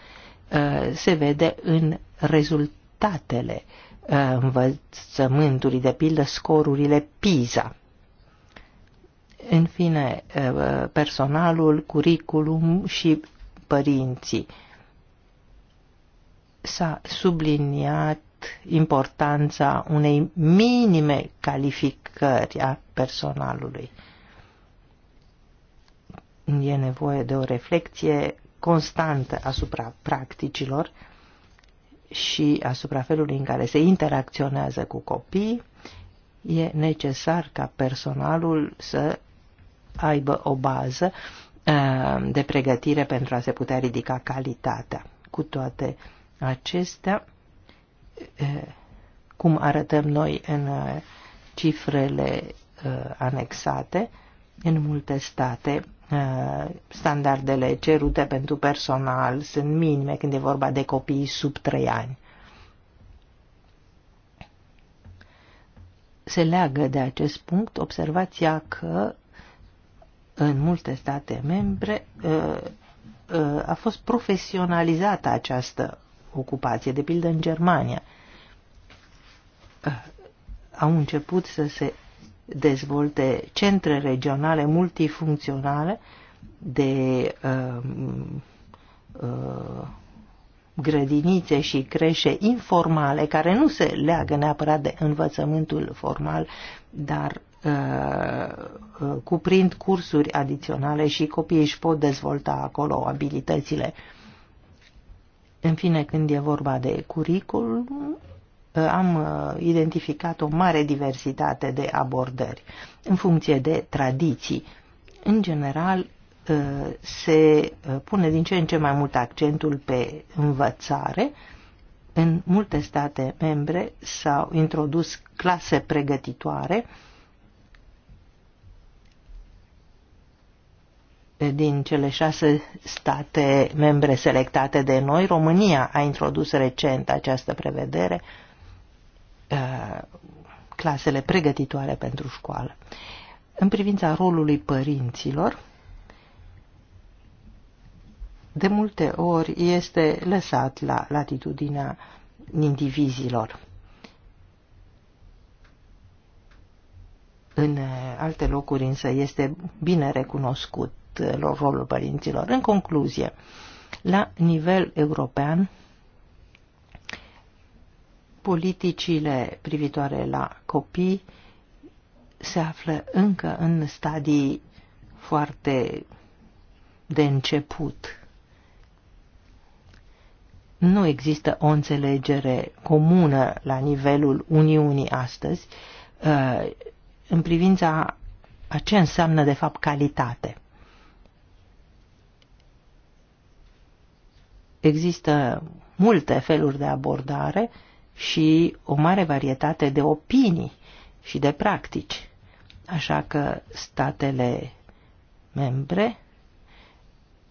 uh, se vede în rezultatele uh, învățământului, de pildă scorurile PISA. În fine, uh, personalul, curriculum și părinții. S-a subliniat importanța unei minime calificări a personalului e nevoie de o reflexie constantă asupra practicilor și asupra felului în care se interacționează cu copii, e necesar ca personalul să aibă o bază uh, de pregătire pentru a se putea ridica calitatea. Cu toate acestea, uh, cum arătăm noi în uh, cifrele anexate, în multe state Uh, standardele cerute pentru personal sunt minime când e vorba de copii sub 3 ani. Se leagă de acest punct observația că în multe state membre uh, uh, a fost profesionalizată această ocupație, de pildă în Germania. Au început să se dezvolte centre regionale multifuncționale de uh, uh, grădinițe și creșe informale care nu se leagă neapărat de învățământul formal, dar uh, uh, cuprind cursuri adiționale și copiii își pot dezvolta acolo abilitățile. În fine, când e vorba de curicul, Ă, am ă, identificat o mare diversitate de abordări în funcție de tradiții. În general, ă, se pune din ce în ce mai mult accentul pe învățare. În multe state membre s-au introdus clase pregătitoare din cele șase state membre selectate de noi. România a introdus recent această prevedere Uh, clasele pregătitoare pentru școală. În privința rolului părinților, de multe ori este lăsat la latitudinea indivizilor. În alte locuri însă este bine recunoscut uh, rolul părinților. În concluzie, la nivel european, Politicile privitoare la copii se află încă în stadii foarte de început. Nu există o înțelegere comună la nivelul Uniunii astăzi uh, în privința a ce înseamnă de fapt calitate. Există multe feluri de abordare și o mare varietate de opinii și de practici. Așa că statele membre,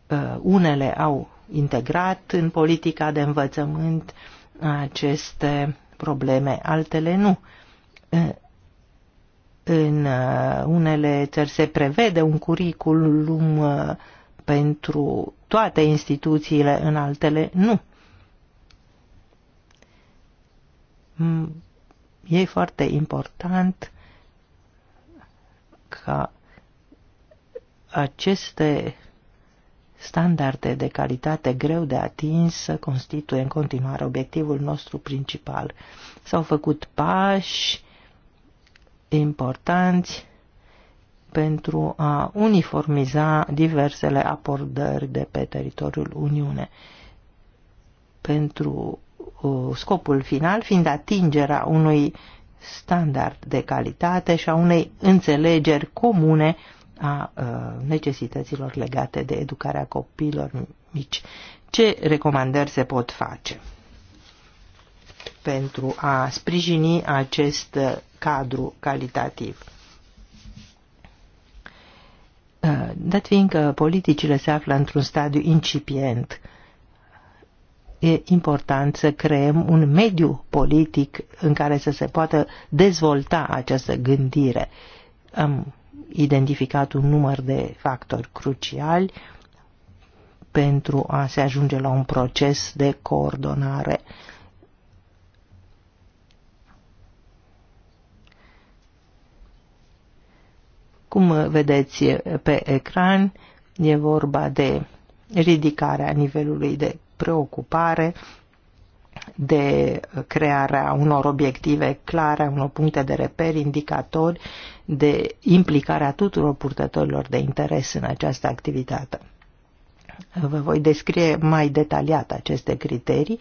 uh, unele au integrat în politica de învățământ aceste probleme, altele nu. Uh, în uh, unele țări se prevede un curriculum pentru toate instituțiile, în altele nu. e foarte important ca aceste standarde de calitate greu de atins să constituie în continuare obiectivul nostru principal. S-au făcut pași importanți pentru a uniformiza diversele abordări de pe teritoriul Uniune. Pentru scopul final fiind atingerea unui standard de calitate și a unei înțelegeri comune a uh, necesităților legate de educarea copiilor mici. Ce recomandări se pot face pentru a sprijini acest cadru calitativ? Uh, dat fiindcă politicile se află într-un stadiu incipient, uh, e important să creăm un mediu politic în care să se poată dezvolta această gândire. Am identificat un număr de factori cruciali pentru a se ajunge la un proces de coordonare. Cum vedeți pe ecran, e vorba de ridicarea nivelului de preocupare de crearea unor obiective clare, unor puncte de reper, indicatori, de implicarea tuturor purtătorilor de interes în această activitate. Vă voi descrie mai detaliat aceste criterii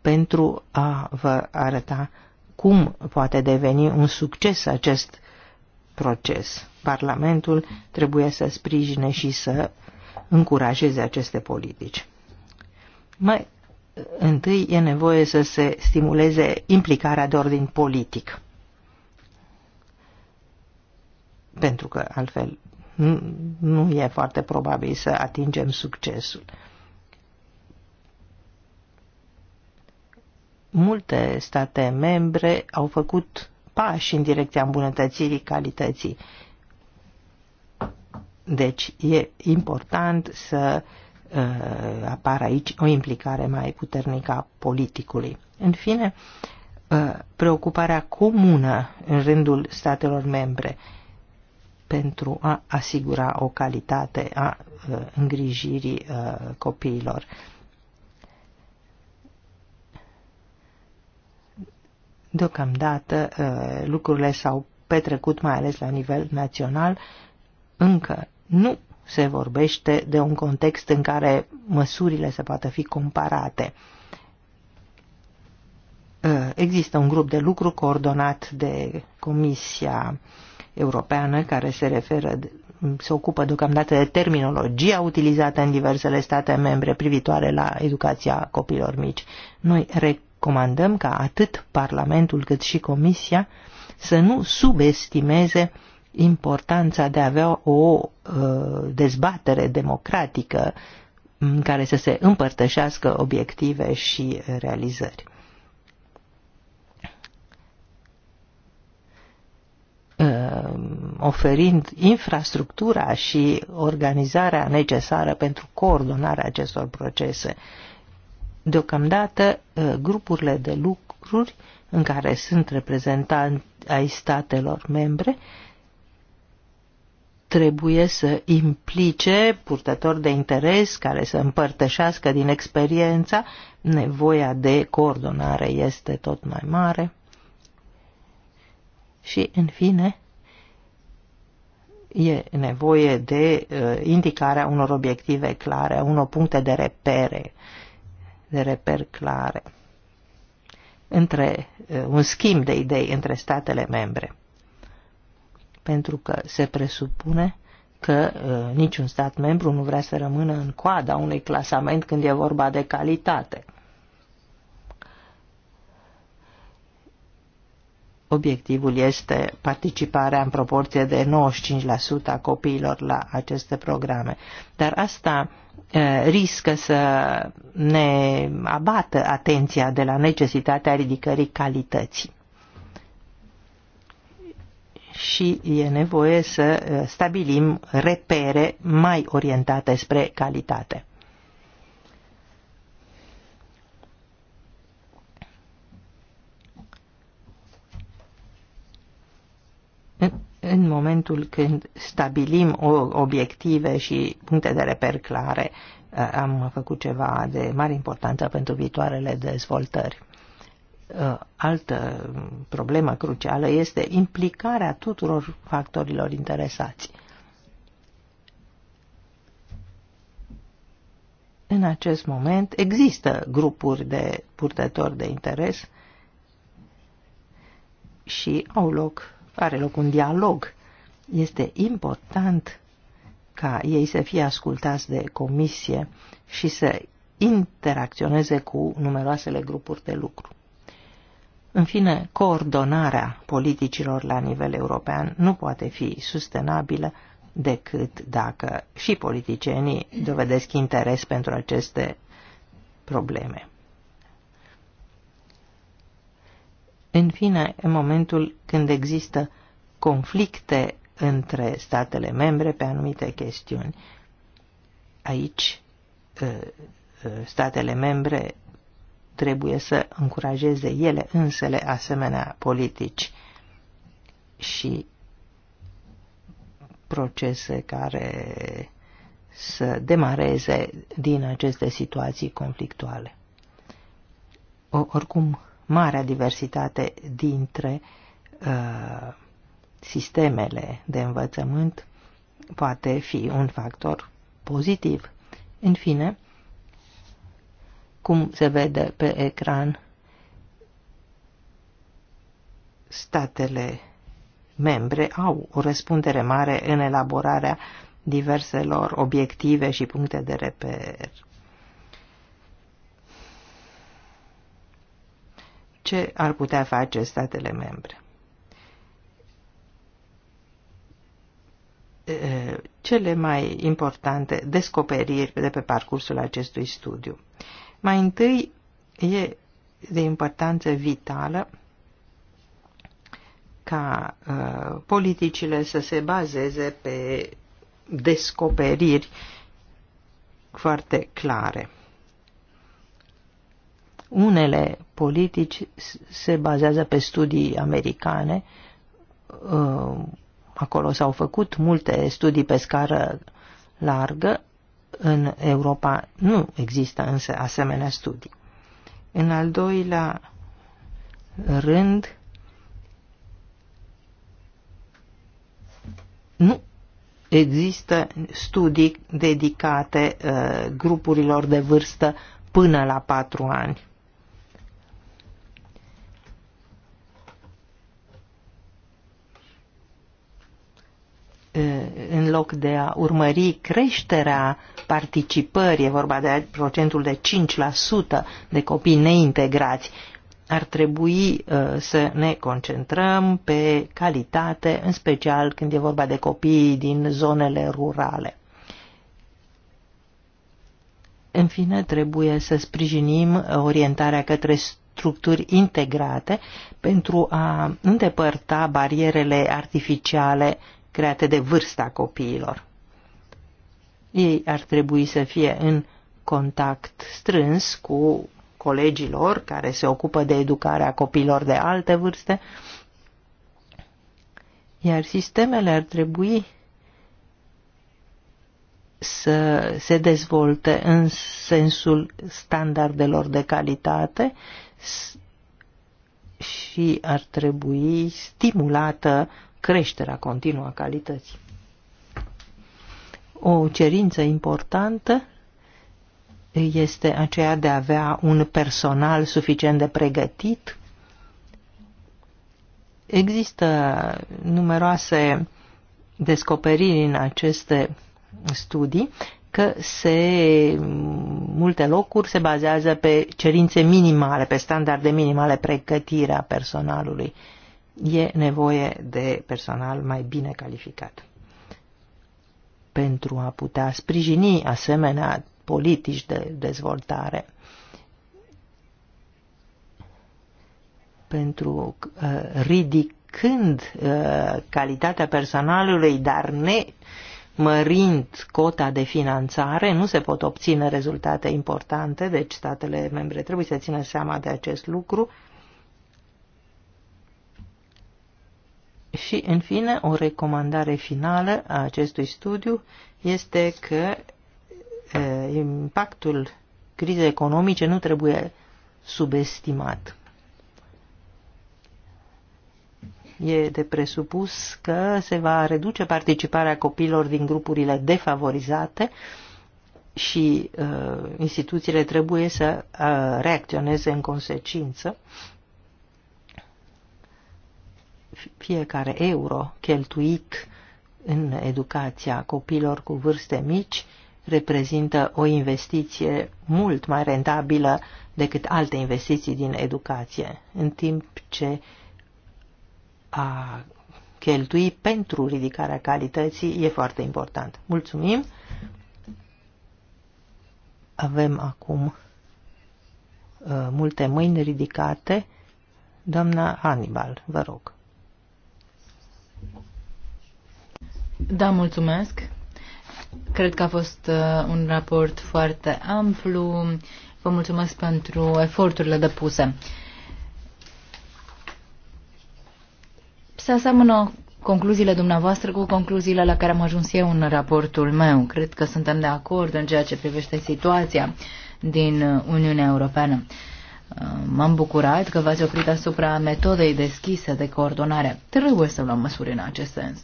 pentru a vă arăta cum poate deveni un succes acest proces. Parlamentul trebuie să sprijine și să încurajeze aceste politici. Mai întâi e nevoie să se stimuleze implicarea de ordin politic. Pentru că altfel nu, e foarte probabil să atingem succesul. Multe state membre au făcut pași în direcția îmbunătățirii calității. Deci e important să uh, Uh, apar aici o implicare mai puternică a politicului. În fine, uh, preocuparea comună în rândul statelor membre pentru a asigura o calitate a uh, îngrijirii copiilor. Deocamdată lucrurile s-au petrecut mai ales la nivel național, încă nu se vorbește de un context în care măsurile se poată fi comparate. Uh, există un grup de lucru coordonat de Comisia Europeană care se referă se ocupă deocamdată de terminologia utilizată în diversele state membre privitoare la educația copilor mici. Noi recomandăm ca atât Parlamentul cât și Comisia să nu subestimeze uh, importanța de a avea o uh, dezbatere democratică în care să se împărtășească obiective și realizări. Uh, oferind infrastructura și organizarea necesară pentru coordonarea acestor procese. Deocamdată, uh, grupurile de lucruri în care sunt reprezentanți ai statelor membre trebuie să implice purtători de interes care să împărtășească din experiența, nevoia de coordonare este tot mai mare. Și, în fine, e nevoie de uh, indicarea unor obiective clare, unor puncte de repere, de reper clare, între uh, un schimb de idei între statele membre pentru că se presupune că uh, niciun stat membru nu vrea să rămână în coada unui clasament când e vorba de calitate. Obiectivul este participarea în proporție de 95% a copiilor la aceste programe. Dar asta uh, riscă să ne abată atenția de la necesitatea ridicării calității și e nevoie să uh, stabilim repere mai orientate spre calitate. în momentul când stabilim obiective și puncte de reper clare, uh, am făcut ceva de mare importanță pentru viitoarele dezvoltări. Uh, altă problemă crucială este implicarea tuturor factorilor interesați. În acest moment există grupuri de purtători de interes și au loc, are loc un dialog. Este important ca ei să fie ascultați de comisie și să interacționeze cu numeroasele grupuri de lucru. În fine, coordonarea politicilor la nivel european nu poate fi sustenabilă decât dacă și politicienii dovedesc interes pentru aceste probleme. În fine, în momentul când există conflicte între statele membre pe anumite chestiuni, aici ă, statele membre trebuie să încurajeze ele însele asemenea politici și procese care să demareze din aceste situații conflictuale. O, oricum, marea diversitate dintre uh, sistemele de învățământ poate fi un factor pozitiv. În fine, cum se vede pe ecran, statele membre au o răspundere mare în elaborarea diverselor obiective și puncte de reper. Ce ar putea face statele membre? Cele mai importante descoperiri de pe parcursul acestui studiu. Mai întâi e de importanță vitală ca uh, politicile să se bazeze pe descoperiri foarte clare. Unele politici se bazează pe studii americane, uh, acolo s-au făcut multe studii pe scară largă, în Europa nu există însă asemenea studii. În al doilea rând, nu există studii dedicate uh, grupurilor de vârstă până la patru ani. în loc de a urmări creșterea participării, e vorba de procentul de 5% de copii neintegrați, ar trebui să ne concentrăm pe calitate, în special când e vorba de copii din zonele rurale. În fine, trebuie să sprijinim orientarea către structuri integrate pentru a îndepărta barierele artificiale create de vârsta copiilor. Ei ar trebui să fie în contact strâns cu colegilor care se ocupă de educarea copiilor de alte vârste, iar sistemele ar trebui să se dezvolte în sensul standardelor de calitate și ar trebui stimulată creșterea continuă a calității. O cerință importantă este aceea de a avea un personal suficient de pregătit. Există numeroase descoperiri în aceste studii că se, multe locuri se bazează pe cerințe minimale, pe standarde minimale pregătirea personalului e nevoie de personal mai bine calificat. Pentru a putea sprijini asemenea politici de dezvoltare, pentru uh, ridicând uh, calitatea personalului, dar ne mărind cota de finanțare, nu se pot obține rezultate importante, deci statele membre trebuie să țină seama de acest lucru Și, în fine, o recomandare finală a acestui studiu este că impactul crizei economice nu trebuie subestimat. E de presupus că se va reduce participarea copiilor din grupurile defavorizate și uh, instituțiile trebuie să uh, reacționeze în consecință. Uh, fiecare euro cheltuit în educația copilor cu vârste mici reprezintă o investiție mult mai rentabilă decât alte investiții din educație, în timp ce a cheltui pentru ridicarea calității e foarte important. Mulțumim! Avem acum uh, multe mâini ridicate. Doamna Hannibal, vă rog. Da, mulțumesc. Cred că a fost uh, un raport foarte amplu. Vă mulțumesc pentru eforturile depuse. Se aseamănă concluziile dumneavoastră cu concluziile la care am ajuns eu în raportul meu. Cred că suntem de acord în ceea ce privește situația din Uniunea Europeană. Uh, m-am bucurat că v-ați oprit asupra metodei deschise de coordonare. Trebuie să luăm măsuri în acest sens.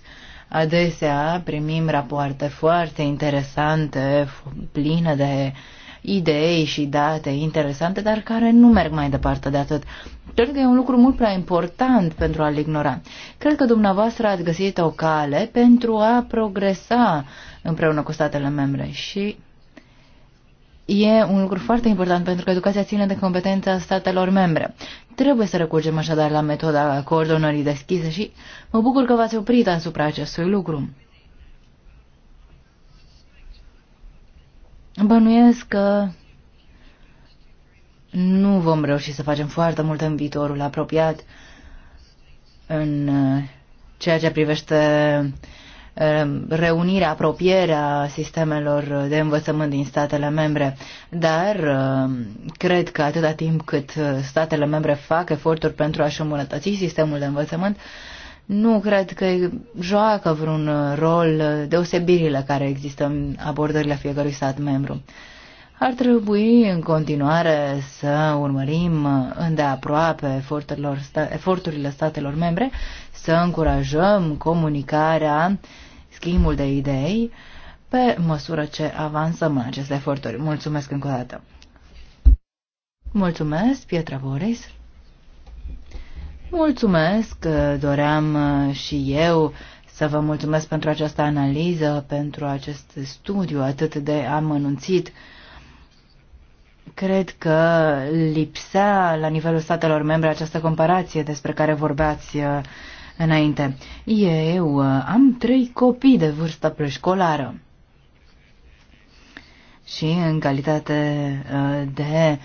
Adesea primim rapoarte foarte interesante, pline de idei și date interesante, dar care nu merg mai departe de atât. Cred că e un lucru mult prea important pentru a-l ignora. Cred că dumneavoastră ați găsit o cale pentru a progresa împreună cu statele membre și e un lucru foarte important pentru că educația ține de competența statelor membre. Trebuie să recurgem așadar la metoda coordonării deschise și mă bucur că v-ați oprit asupra acestui lucru. Bănuiesc că nu vom reuși să facem foarte mult în viitorul apropiat în uh, ceea ce privește Um, reunirea, apropierea sistemelor de învățământ din statele membre, dar um, cred că atâta timp cât statele membre fac eforturi pentru a-și îmbunătăți sistemul de învățământ, nu cred că joacă vreun rol deosebirile care există în abordările fiecărui stat membru. Ar trebui în continuare să urmărim îndeaproape eforturile statelor membre, să încurajăm comunicarea schimbul de idei pe măsură ce avansăm în aceste eforturi. Mulțumesc încă o dată. Mulțumesc, Pietra Boris. Mulțumesc, doream uh, și eu să vă mulțumesc pentru această analiză, pentru acest studiu atât de amănunțit. Cred că lipsea la nivelul statelor membre această comparație despre care vorbeați uh, înainte. Eu uh, am trei copii de vârstă preșcolară și în calitate uh, de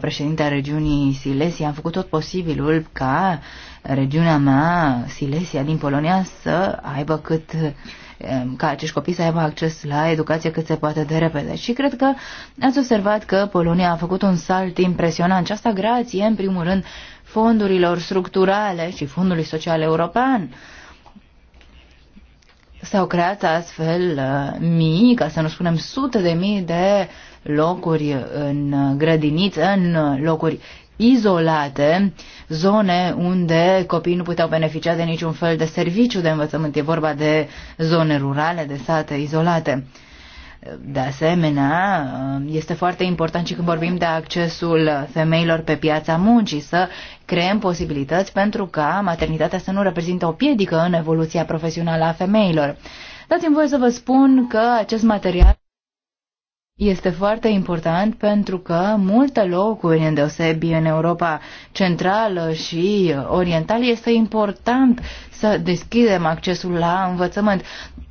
președinte a regiunii Silesia am făcut tot posibilul ca regiunea mea, Silesia din Polonia, să aibă cât um, ca acești copii să aibă acces la educație cât se poate de repede. Și cred că ați observat că Polonia a făcut un salt impresionant. Și asta grație, în primul rând, fondurilor structurale și Fondului Social European. S-au creat astfel uh, mii, ca să nu spunem sute de mii de locuri în grădiniță, în locuri izolate, zone unde copiii nu puteau beneficia de niciun fel de serviciu de învățământ. E vorba de zone rurale, de sate izolate. De asemenea, este foarte important și când vorbim de accesul femeilor pe piața muncii, să creăm posibilități pentru ca maternitatea să nu reprezintă o piedică în evoluția profesională a femeilor. Dați-mi voie să vă spun că acest material este foarte important pentru că multe locuri, în deosebi în Europa Centrală și Orientală, este important să deschidem accesul la învățământ.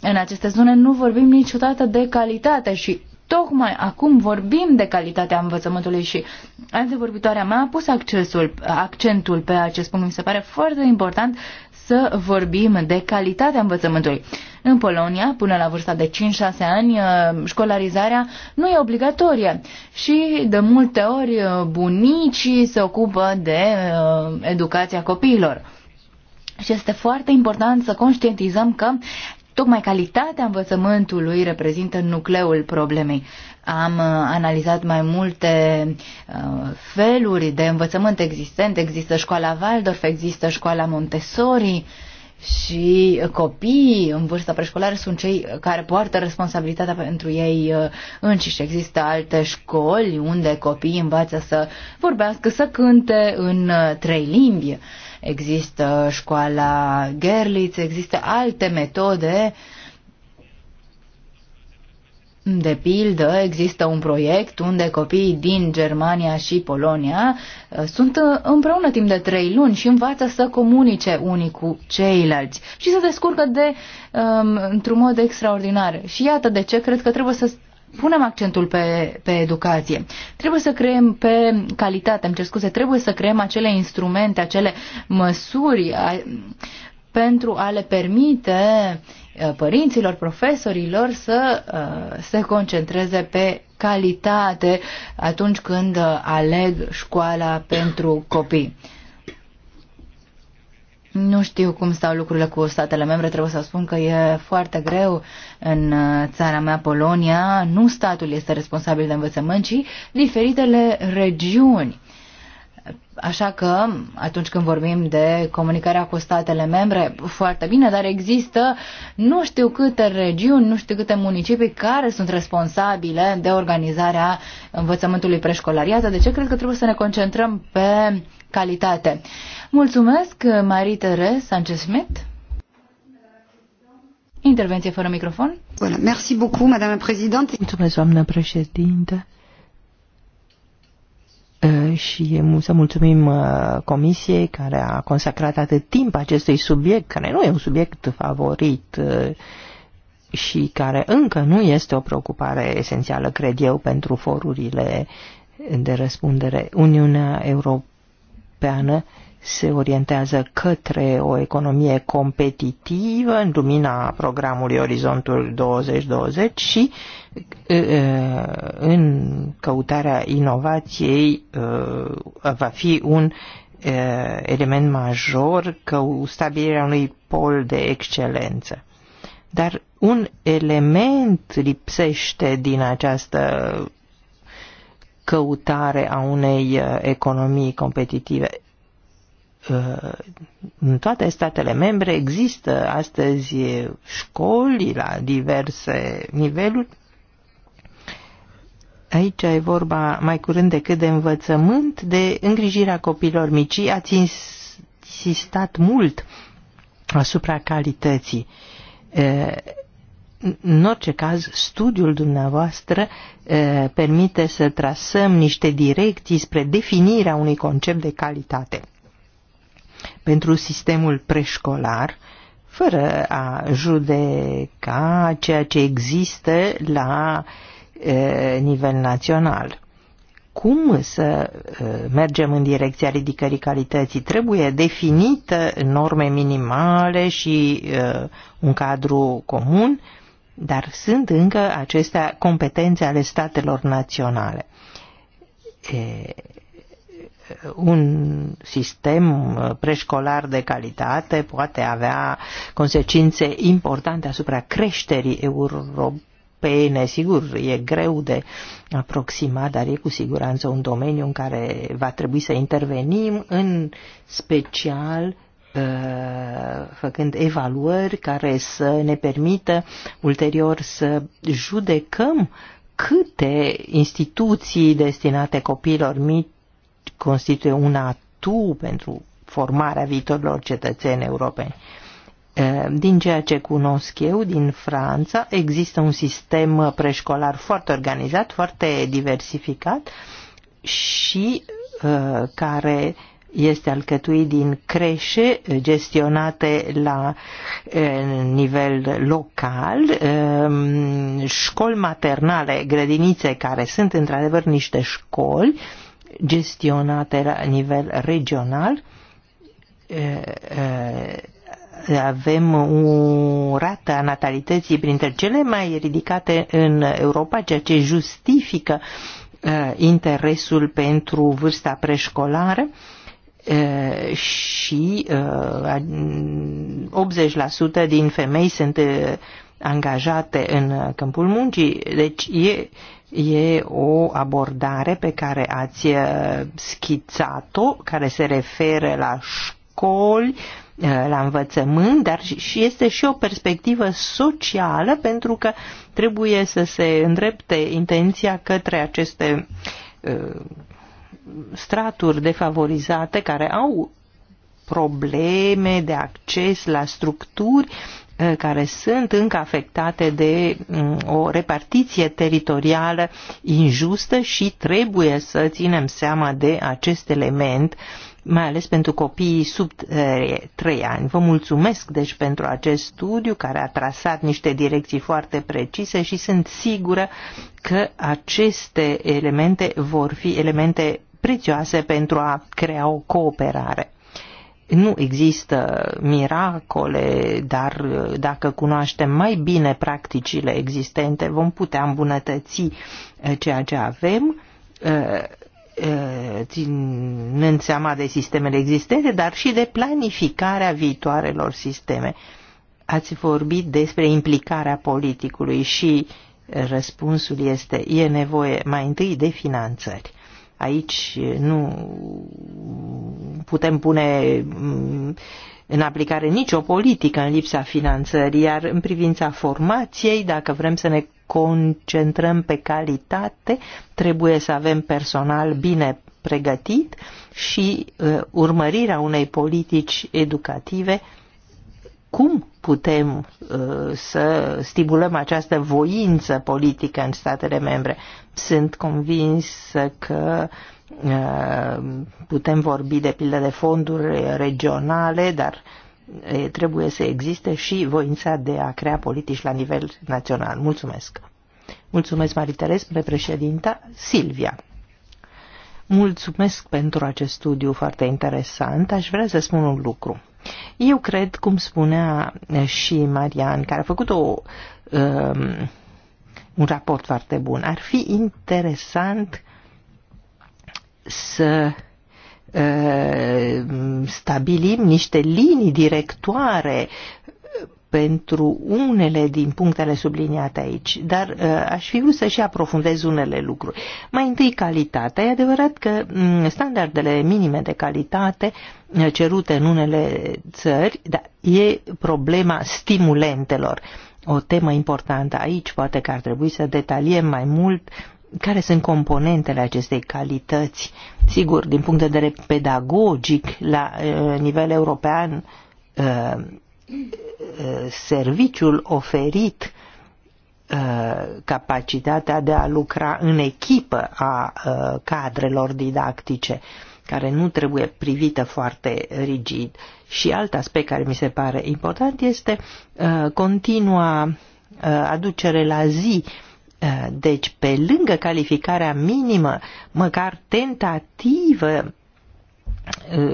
În aceste zone nu vorbim niciodată de calitate și tocmai acum vorbim de calitatea învățământului și antevorbitoarea mea a pus accesul, accentul pe acest punct. Mi se pare foarte important să vorbim de calitatea învățământului. În Polonia, până la vârsta de 5-6 ani, uh, școlarizarea nu e obligatorie și de multe ori uh, bunicii se ocupă de uh, educația copiilor. Și este foarte important să conștientizăm că Tocmai calitatea învățământului reprezintă nucleul problemei. Am uh, analizat mai multe uh, feluri de învățământ existent. Există școala Waldorf, există școala Montessori și copiii în vârsta preșcolară sunt cei care poartă responsabilitatea pentru ei uh, înșiși. Există alte școli unde copiii învață să vorbească, să cânte în trei limbi există școala Gerlitz, există alte metode. De pildă, există un proiect unde copiii din Germania și Polonia uh, sunt uh, împreună timp de trei luni și învață să comunice unii cu ceilalți și să descurcă de, um, într-un mod extraordinar. Și iată de ce cred că trebuie să punem accentul pe, pe educație. Trebuie să creăm pe calitate, îmi cer scuze, trebuie să creăm acele instrumente, acele măsuri a, pentru a le permite părinților, profesorilor să se concentreze pe calitate atunci când aleg școala pentru copii. Nu știu cum stau lucrurile cu statele membre, trebuie să spun că e foarte greu în uh, țara mea, Polonia. Nu statul este responsabil de învățământ, ci diferitele regiuni. Așa că, atunci când vorbim de comunicarea cu statele membre, foarte bine, dar există nu știu câte regiuni, nu știu câte municipii care sunt responsabile de organizarea învățământului preșcolar. Iată de ce cred că trebuie să ne concentrăm pe calitate. Mulțumesc, Marie-Therese Sanchez-Schmidt. Intervenție fără microfon. Bună. Merci beaucoup, madame présidente. Mulțumesc, doamnă președinte și să mulțumim comisiei care a consacrat atât timp acestui subiect, care nu e un subiect favorit și care încă nu este o preocupare esențială, cred eu, pentru forurile de răspundere. Uniunea Europeană se orientează către o economie competitivă în lumina programului Orizontul 2020 și în căutarea inovației va fi un element major că stabilirea unui pol de excelență. Dar un element lipsește din această căutare a unei economii competitive în toate statele membre există astăzi școli la diverse niveluri. Aici e vorba mai curând decât de învățământ, de îngrijirea copilor mici. Ați insistat mult asupra calității. În orice caz, studiul dumneavoastră permite să trasăm niște direcții spre definirea unui concept de calitate pentru sistemul preșcolar, fără a judeca ceea ce există la e, nivel național. Cum să e, mergem în direcția ridicării calității? Trebuie definită norme minimale și e, un cadru comun, dar sunt încă acestea competențe ale statelor naționale. E, un sistem uh, preșcolar de calitate poate avea consecințe importante asupra creșterii europene. Sigur, e greu de aproximat, dar e cu siguranță un domeniu în care va trebui să intervenim, în special uh, făcând evaluări care să ne permită ulterior să judecăm câte instituții destinate copiilor mici constituie un atu pentru formarea viitorilor cetățeni europeni. Din ceea ce cunosc eu, din Franța, există un sistem preșcolar foarte organizat, foarte diversificat și care este alcătuit din creșe gestionate la nivel local, școli maternale, grădinițe care sunt într-adevăr niște școli, gestionate la nivel regional, avem o rată a natalității printre cele mai ridicate în Europa, ceea ce justifică interesul pentru vârsta preșcolară și 80% din femei sunt angajate în câmpul muncii. Deci e e o abordare pe care ați uh, schițat-o, care se referă la școli, uh, la învățământ, dar și este și o perspectivă socială pentru că trebuie să se îndrepte intenția către aceste uh, straturi defavorizate care au probleme de acces la structuri Eh, care sunt încă afectate de mm, o repartiție teritorială injustă și trebuie să ținem seama de acest element mai ales pentru copiii sub eh, trei ani. Vă mulțumesc deci pentru acest studiu care a trasat niște direcții foarte precise și sunt sigură că aceste elemente vor fi elemente prețioase pentru a crea o cooperare nu există miracole, dar uh, dacă cunoaștem mai bine practicile existente, vom putea îmbunătăți uh, ceea ce avem, uh, ținând seama de sistemele existente, dar și de planificarea viitoarelor sisteme. Ați vorbit despre implicarea politicului și răspunsul este e nevoie mai întâi de finanțări. Aici nu putem pune mm, în aplicare nicio politică în lipsa finanțării, iar în privința formației, dacă vrem să ne concentrăm pe calitate, trebuie să avem personal bine pregătit și uh, urmărirea unei politici educative cum putem uh, să stimulăm această voință politică în statele membre. Sunt convins că uh, putem vorbi de pildă de fonduri regionale, dar uh, trebuie să existe și voința de a crea politici la nivel național. Mulțumesc! Mulțumesc, Mariteres, spre președinta Silvia. Mulțumesc pentru acest studiu foarte interesant. Aș vrea să spun un lucru eu cred, cum spunea și Marian, care a făcut o, um, un raport foarte bun, ar fi interesant să uh, stabilim niște linii directoare pentru unele din punctele subliniate aici, dar uh, aș fi vrut să și aprofundez unele lucruri. Mai întâi calitatea. E adevărat că mm, standardele minime de calitate uh, cerute în unele țări, da, e problema stimulentelor. O temă importantă aici, poate că ar trebui să detaliem mai mult care sunt componentele acestei calități. Sigur, din punct de vedere pedagogic, la uh, nivel european, serviciul oferit uh, capacitatea de a lucra în echipă a uh, cadrelor didactice, care nu trebuie privită foarte rigid. Și alt aspect care mi se pare important este uh, continua aducere la zi deci, pe lângă calificarea minimă, măcar tentativă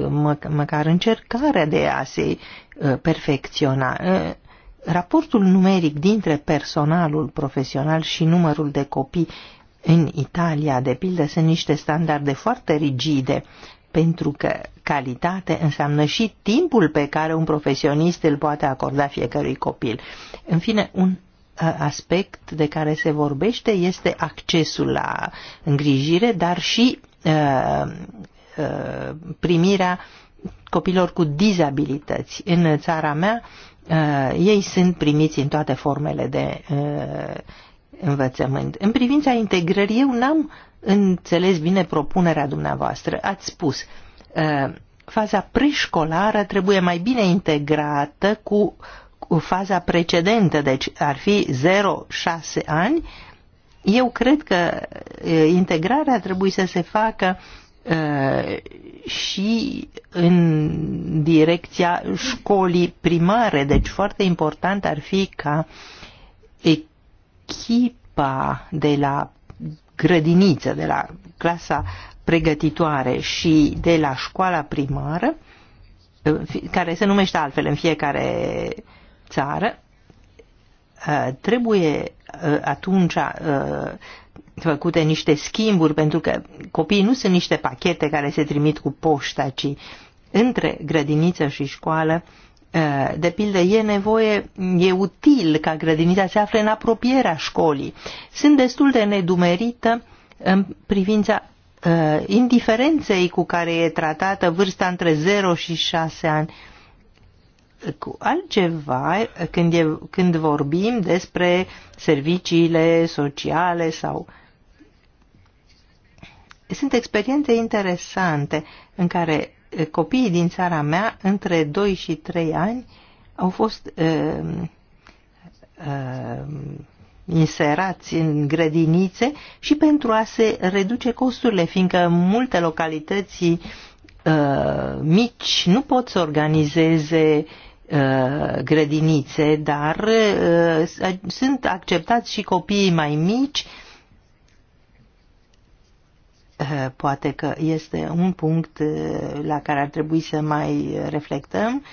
mă, măcar încercarea de a se uh, perfecționa. Uh, raportul numeric dintre personalul profesional și numărul de copii în Italia, de pildă, sunt niște standarde foarte rigide, pentru că calitate înseamnă și timpul pe care un profesionist îl poate acorda fiecărui copil. În fine, un aspect de care se vorbește este accesul la îngrijire, dar și uh, Uh, primirea copilor cu dizabilități. În țara mea uh, ei sunt primiți în toate formele de uh, învățământ. În privința integrării, eu n-am înțeles bine propunerea dumneavoastră. Ați spus, faza preșcolară trebuie mai bine integrată cu, faza precedentă, deci ar fi 0-6 ani. Eu cred că integrarea trebuie să se facă Uh, și în direcția școlii primare. Deci foarte important ar fi ca echipa de la grădiniță, de la clasa pregătitoare și de la școala primară, uh, care se numește altfel în fiecare țară, uh, trebuie atunci făcute niște schimburi, pentru că copiii nu sunt niște pachete care se trimit cu poșta, ci între grădiniță și școală, ă, de pildă, e nevoie, e util ca grădinița se afle în apropierea școlii. Sunt destul de nedumerită în privința ă, indiferenței cu care e tratată vârsta între 0 și 6 ani. Cu altceva, când, e, când vorbim despre serviciile sociale sau uh, sunt experiențe interesante în care eh, copiii din țara mea, între 2 și 3 ani, au fost uh, uh, inserați în grădinițe și pentru a se reduce costurile, fiindcă multe localități uh, mici nu pot să organizeze uh, grădinițe, dar uh, sunt acceptați și copiii mai mici uh, Eh, poate că este un punct eh, la care ar trebui să mai reflectăm.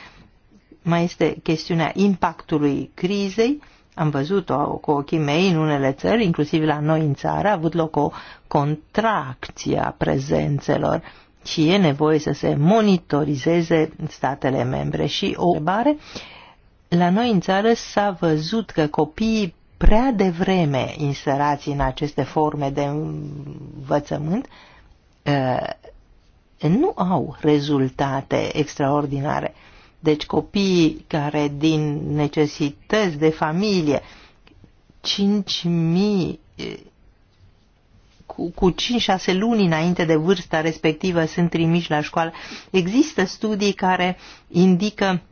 Mai este chestiunea impactului crizei. Am văzut-o cu ochii mei în unele țări, inclusiv la noi în țară, a avut loc o contracție a prezențelor și e nevoie să se monitorizeze statele membre. Și o întrebare, la noi în țară s-a văzut că copiii prea devreme inserați în aceste forme de învățământ uh, nu au rezultate extraordinare. Deci copiii care din necesități de familie 5.000 cu, cu 5-6 luni înainte de vârsta respectivă sunt trimiși la școală. Există studii care indică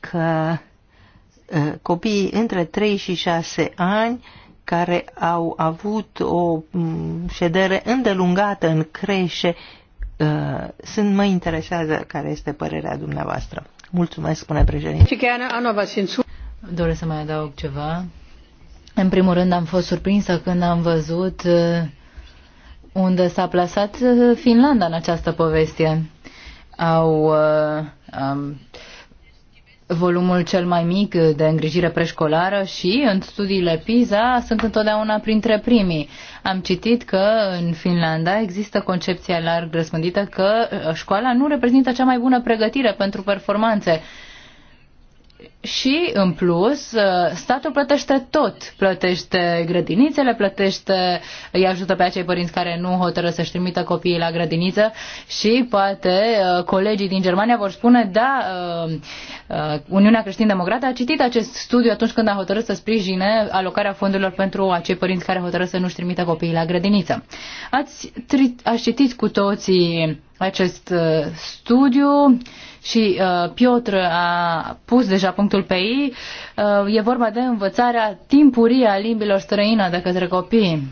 că uh, Eh, copiii între 3 și 6 ani care au avut o mm, ședere îndelungată în creșe eh, sunt, mă interesează care este părerea dumneavoastră. Mulțumesc, spune președinte. Doresc să mai adaug ceva. În primul rând am fost surprinsă când am văzut eh, unde s-a plasat Finlanda în această poveste. Au uh, um, volumul cel mai mic de îngrijire preșcolară și în studiile PISA sunt întotdeauna printre primii. Am citit că în Finlanda există concepția larg răspândită că școala nu reprezintă cea mai bună pregătire pentru performanțe și, în plus, ă, statul plătește tot. Plătește grădinițele, plătește, îi ajută pe acei părinți care nu hotără să-și trimită copiii la grădiniță și poate ă, colegii din Germania vor spune, da, ă, Uniunea Creștin-Democrată a citit acest studiu atunci când a hotărât să sprijine alocarea fondurilor pentru acei părinți care hotără să nu-și trimită copiii la grădiniță. Ați, ați citit cu toții acest studiu și uh, Piotr a pus deja punctul pe ei, uh, e vorba de învățarea timpurie a limbilor străine de către copii.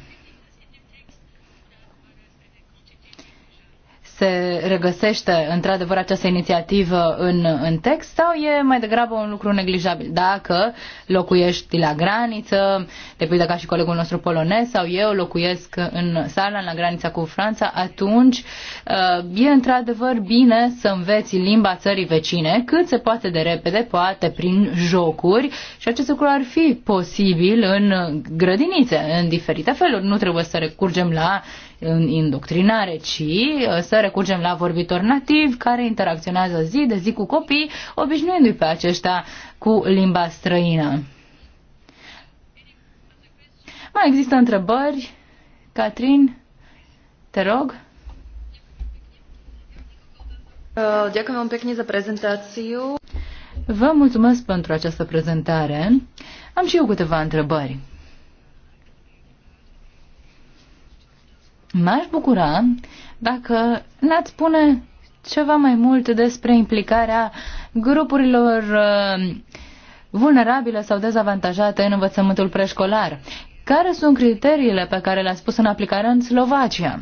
se regăsește într-adevăr această inițiativă în, în text sau e mai degrabă un lucru neglijabil? Dacă locuiești la graniță, de pildă ca și colegul nostru polonez sau eu locuiesc în sala la granița cu Franța, atunci uh, e într-adevăr bine să înveți limba țării vecine cât se poate de repede, poate prin jocuri și acest lucru ar fi posibil în grădinițe, în diferite feluri. Nu trebuie să recurgem la în indoctrinare, ci uh, să recurgem la vorbitori nativi care interacționează zi de zi cu copii, obișnuindu-i pe aceștia cu limba străină. Mai există întrebări? Catrin, te rog. Dacă uh, vám pekne za prezentáciu. Vă mulțumesc pentru această prezentare. Am și eu câteva întrebări. M-aș bucura dacă n ați spune ceva mai mult despre implicarea grupurilor uh, vulnerabile sau dezavantajate în învățământul preșcolar. Care sunt criteriile pe care le-ați pus în aplicare în Slovacia?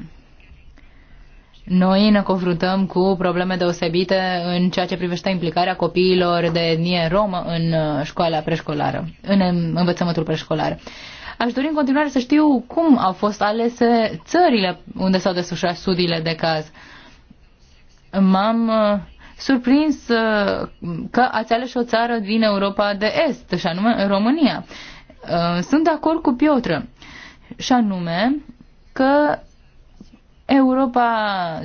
Noi ne confruntăm cu probleme deosebite în ceea ce privește implicarea copiilor de etnie romă în uh, școala preșcolară, în învățământul preșcolar. Aș dori în continuare să știu cum au fost alese țările unde s-au desfășurat studiile de caz. M-am uh, surprins uh, că ați ales o țară din Europa de Est, și anume România. Uh, sunt de acord cu Piotr, și anume că Europa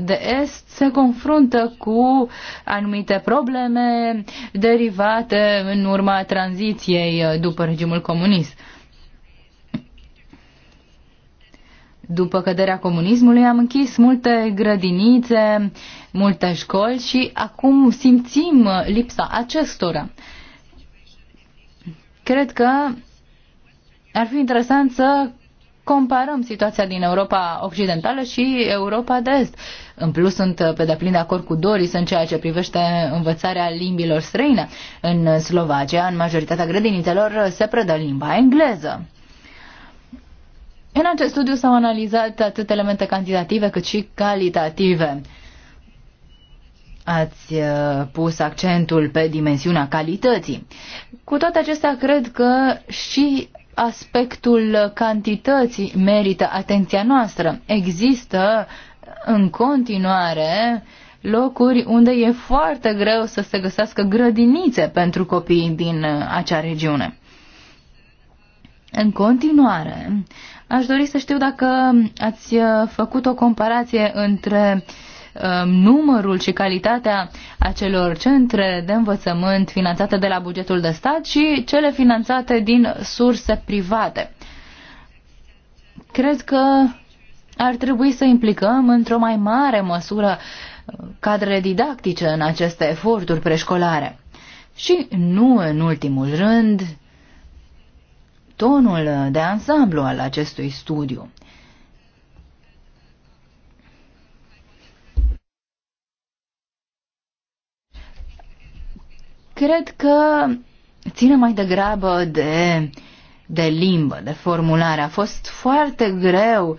de Est se confruntă cu anumite probleme derivate în urma tranziției după regimul comunist. După căderea comunismului am închis multe grădinițe, multe școli și acum simțim lipsa acestora. Cred că ar fi interesant să comparăm situația din Europa Occidentală și Europa de Est. În plus, sunt pe deplin de acord cu Doris în ceea ce privește învățarea limbilor străine. În Slovacia, în majoritatea grădinițelor, se predă limba engleză. În acest studiu s-au analizat atât elemente cantitative cât și calitative. Ați uh, pus accentul pe dimensiunea calității. Cu toate acestea, cred că și aspectul cantității merită atenția noastră. Există în continuare locuri unde e foarte greu să se găsească grădinițe pentru copiii din uh, acea regiune. În continuare, aș dori să știu dacă ați uh, făcut o comparație între um, numărul și calitatea acelor centre de învățământ finanțate de la bugetul de stat și cele finanțate din surse private. Cred că ar trebui să implicăm într-o mai mare măsură uh, cadre didactice în aceste eforturi preșcolare. Și nu în ultimul rând, tonul de ansamblu al acestui studiu. Cred că ține mai degrabă de, de limbă, de formulare. A fost foarte greu uh,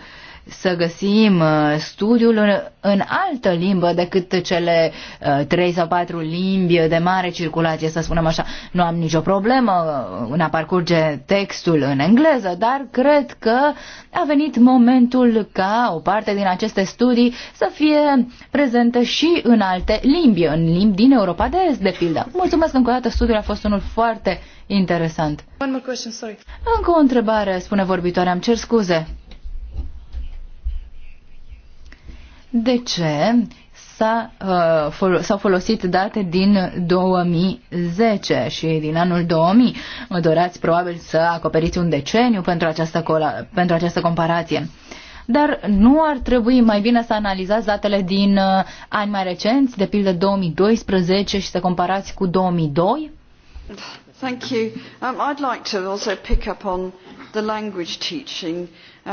să găsim uh, studiul în altă limbă decât cele uh, trei sau patru limbi de mare circulație, să spunem așa. Nu am nicio problemă uh, în a parcurge textul în engleză, dar cred că a venit momentul ca o parte din aceste studii să fie prezentă și în alte limbi, în limbi din Europa de Est, de pildă. Mulțumesc încă o dată, studiul a fost unul foarte interesant. One more question, sorry. Încă o întrebare, spune vorbitoarea, îmi cer scuze. de ce s-a, uh, fol- s-au folosit date din 2010 și din anul 2000. Mă doreați probabil să acoperiți un deceniu pentru această, cola- pentru această comparație. Dar nu ar trebui mai bine să analizați datele din uh, ani mai recenți, de pildă 2012 și să comparați cu 2002? Thank you. Um, I'd like to also pick up on the language teaching.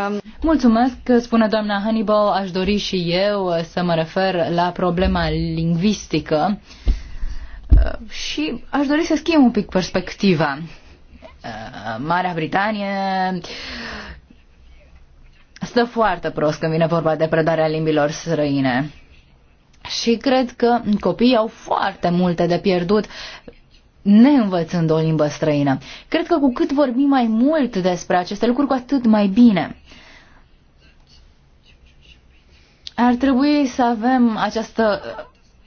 Um, mulțumesc, spune doamna Hannibal. Aș dori și eu să mă refer la problema lingvistică uh, și aș dori să schimb un pic perspectiva. Uh, Marea Britanie stă foarte prost când vine vorba de predarea limbilor străine. Și cred că copiii au foarte multe de pierdut neînvățând o limbă străină. Cred că cu cât vorbim mai mult despre aceste lucruri, cu atât mai bine. Ar trebui să avem această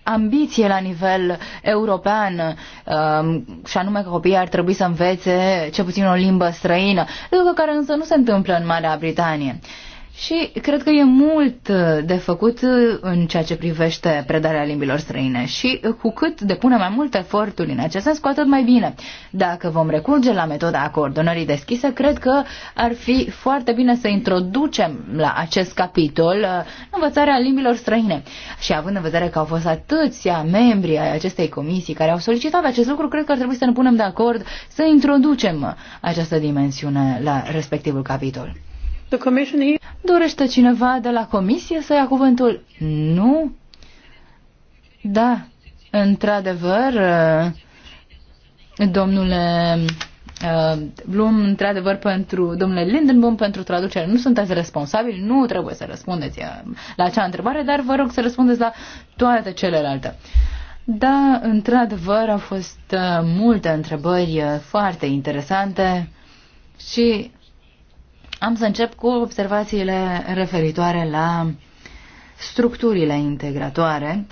ambiție la nivel european um, și anume că copiii ar trebui să învețe ce puțin o limbă străină, lucru care însă nu se întâmplă în Marea Britanie. Și cred că e mult uh, de făcut uh, în ceea ce privește predarea limbilor străine și uh, cu cât depunem mai mult efortul în acest sens, cu atât mai bine. Dacă vom recurge la metoda coordonării deschise, cred că ar fi foarte bine să introducem la acest capitol învățarea limbilor străine. Și având în vedere că au fost atâția membri ai acestei comisii care au solicitat acest lucru, cred că ar trebui să ne punem de acord să introducem această dimensiune la respectivul capitol. Dorește cineva de la comisie să ia cuvântul? Nu? Da, într-adevăr, domnule uh, Blum, într-adevăr, pentru domnule Lindenbaum pentru traducere, nu sunteți responsabili, nu trebuie să răspundeți la acea întrebare, dar vă rog să răspundeți la toate celelalte. Da, într-adevăr, au fost uh, multe întrebări uh, foarte interesante și am să încep cu observațiile referitoare la structurile integratoare.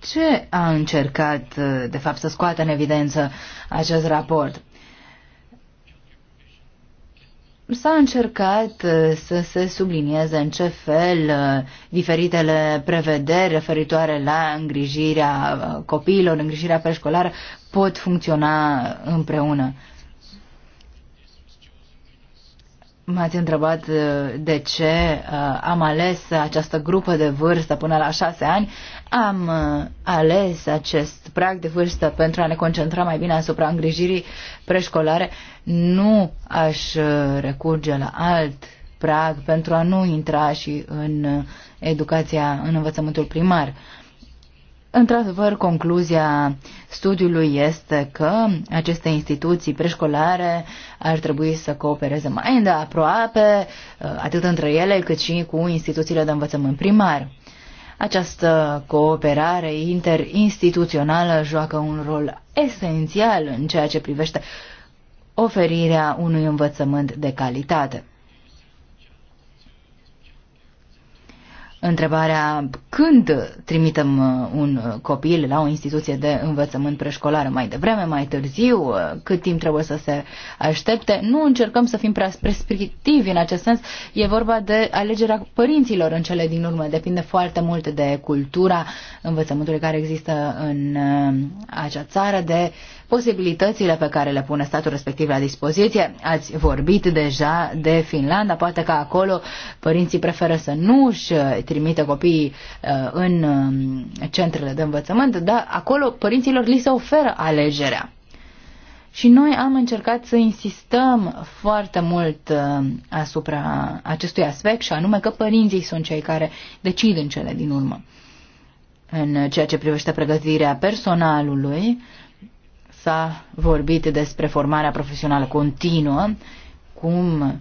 Ce a încercat, de fapt, să scoată în evidență acest raport? S-a încercat uh, să se sublinieze în ce fel uh, diferitele prevederi referitoare la îngrijirea uh, copiilor, îngrijirea preșcolară pot funcționa împreună. M-ați întrebat uh, de ce uh, am ales această grupă de vârstă până la șase ani. Am uh, ales acest prag de vârstă pentru a ne concentra mai bine asupra îngrijirii preșcolare. Nu aș recurge la alt prag pentru a nu intra și în educația, în învățământul primar. Într-adevăr, concluzia studiului este că aceste instituții preșcolare ar trebui să coopereze mai îndeaproape, uh, atât între ele, cât și cu instituțiile de învățământ primar. Această cooperare interinstituțională joacă un rol esențial în ceea ce privește oferirea unui învățământ de calitate. întrebarea când trimitem uh, un uh, copil la o instituție de învățământ preșcolară mai devreme, mai târziu, uh, cât timp trebuie să se aștepte. Nu încercăm să fim prea prescriptivi în acest sens. E vorba de alegerea părinților în cele din urmă. Depinde foarte mult de cultura învățământului care există în acea țară, de posibilitățile pe care le pune statul respectiv la dispoziție. Ați vorbit deja de Finlanda, poate că acolo părinții preferă să nu își trimite copiii uh, în um, centrele de învățământ, dar acolo părinților li se oferă alegerea. Și noi am încercat să insistăm foarte mult uh, asupra acestui aspect și anume că părinții sunt cei care decid în cele din urmă. În ceea ce privește pregătirea personalului, S-a vorbit despre formarea profesională continuă, cum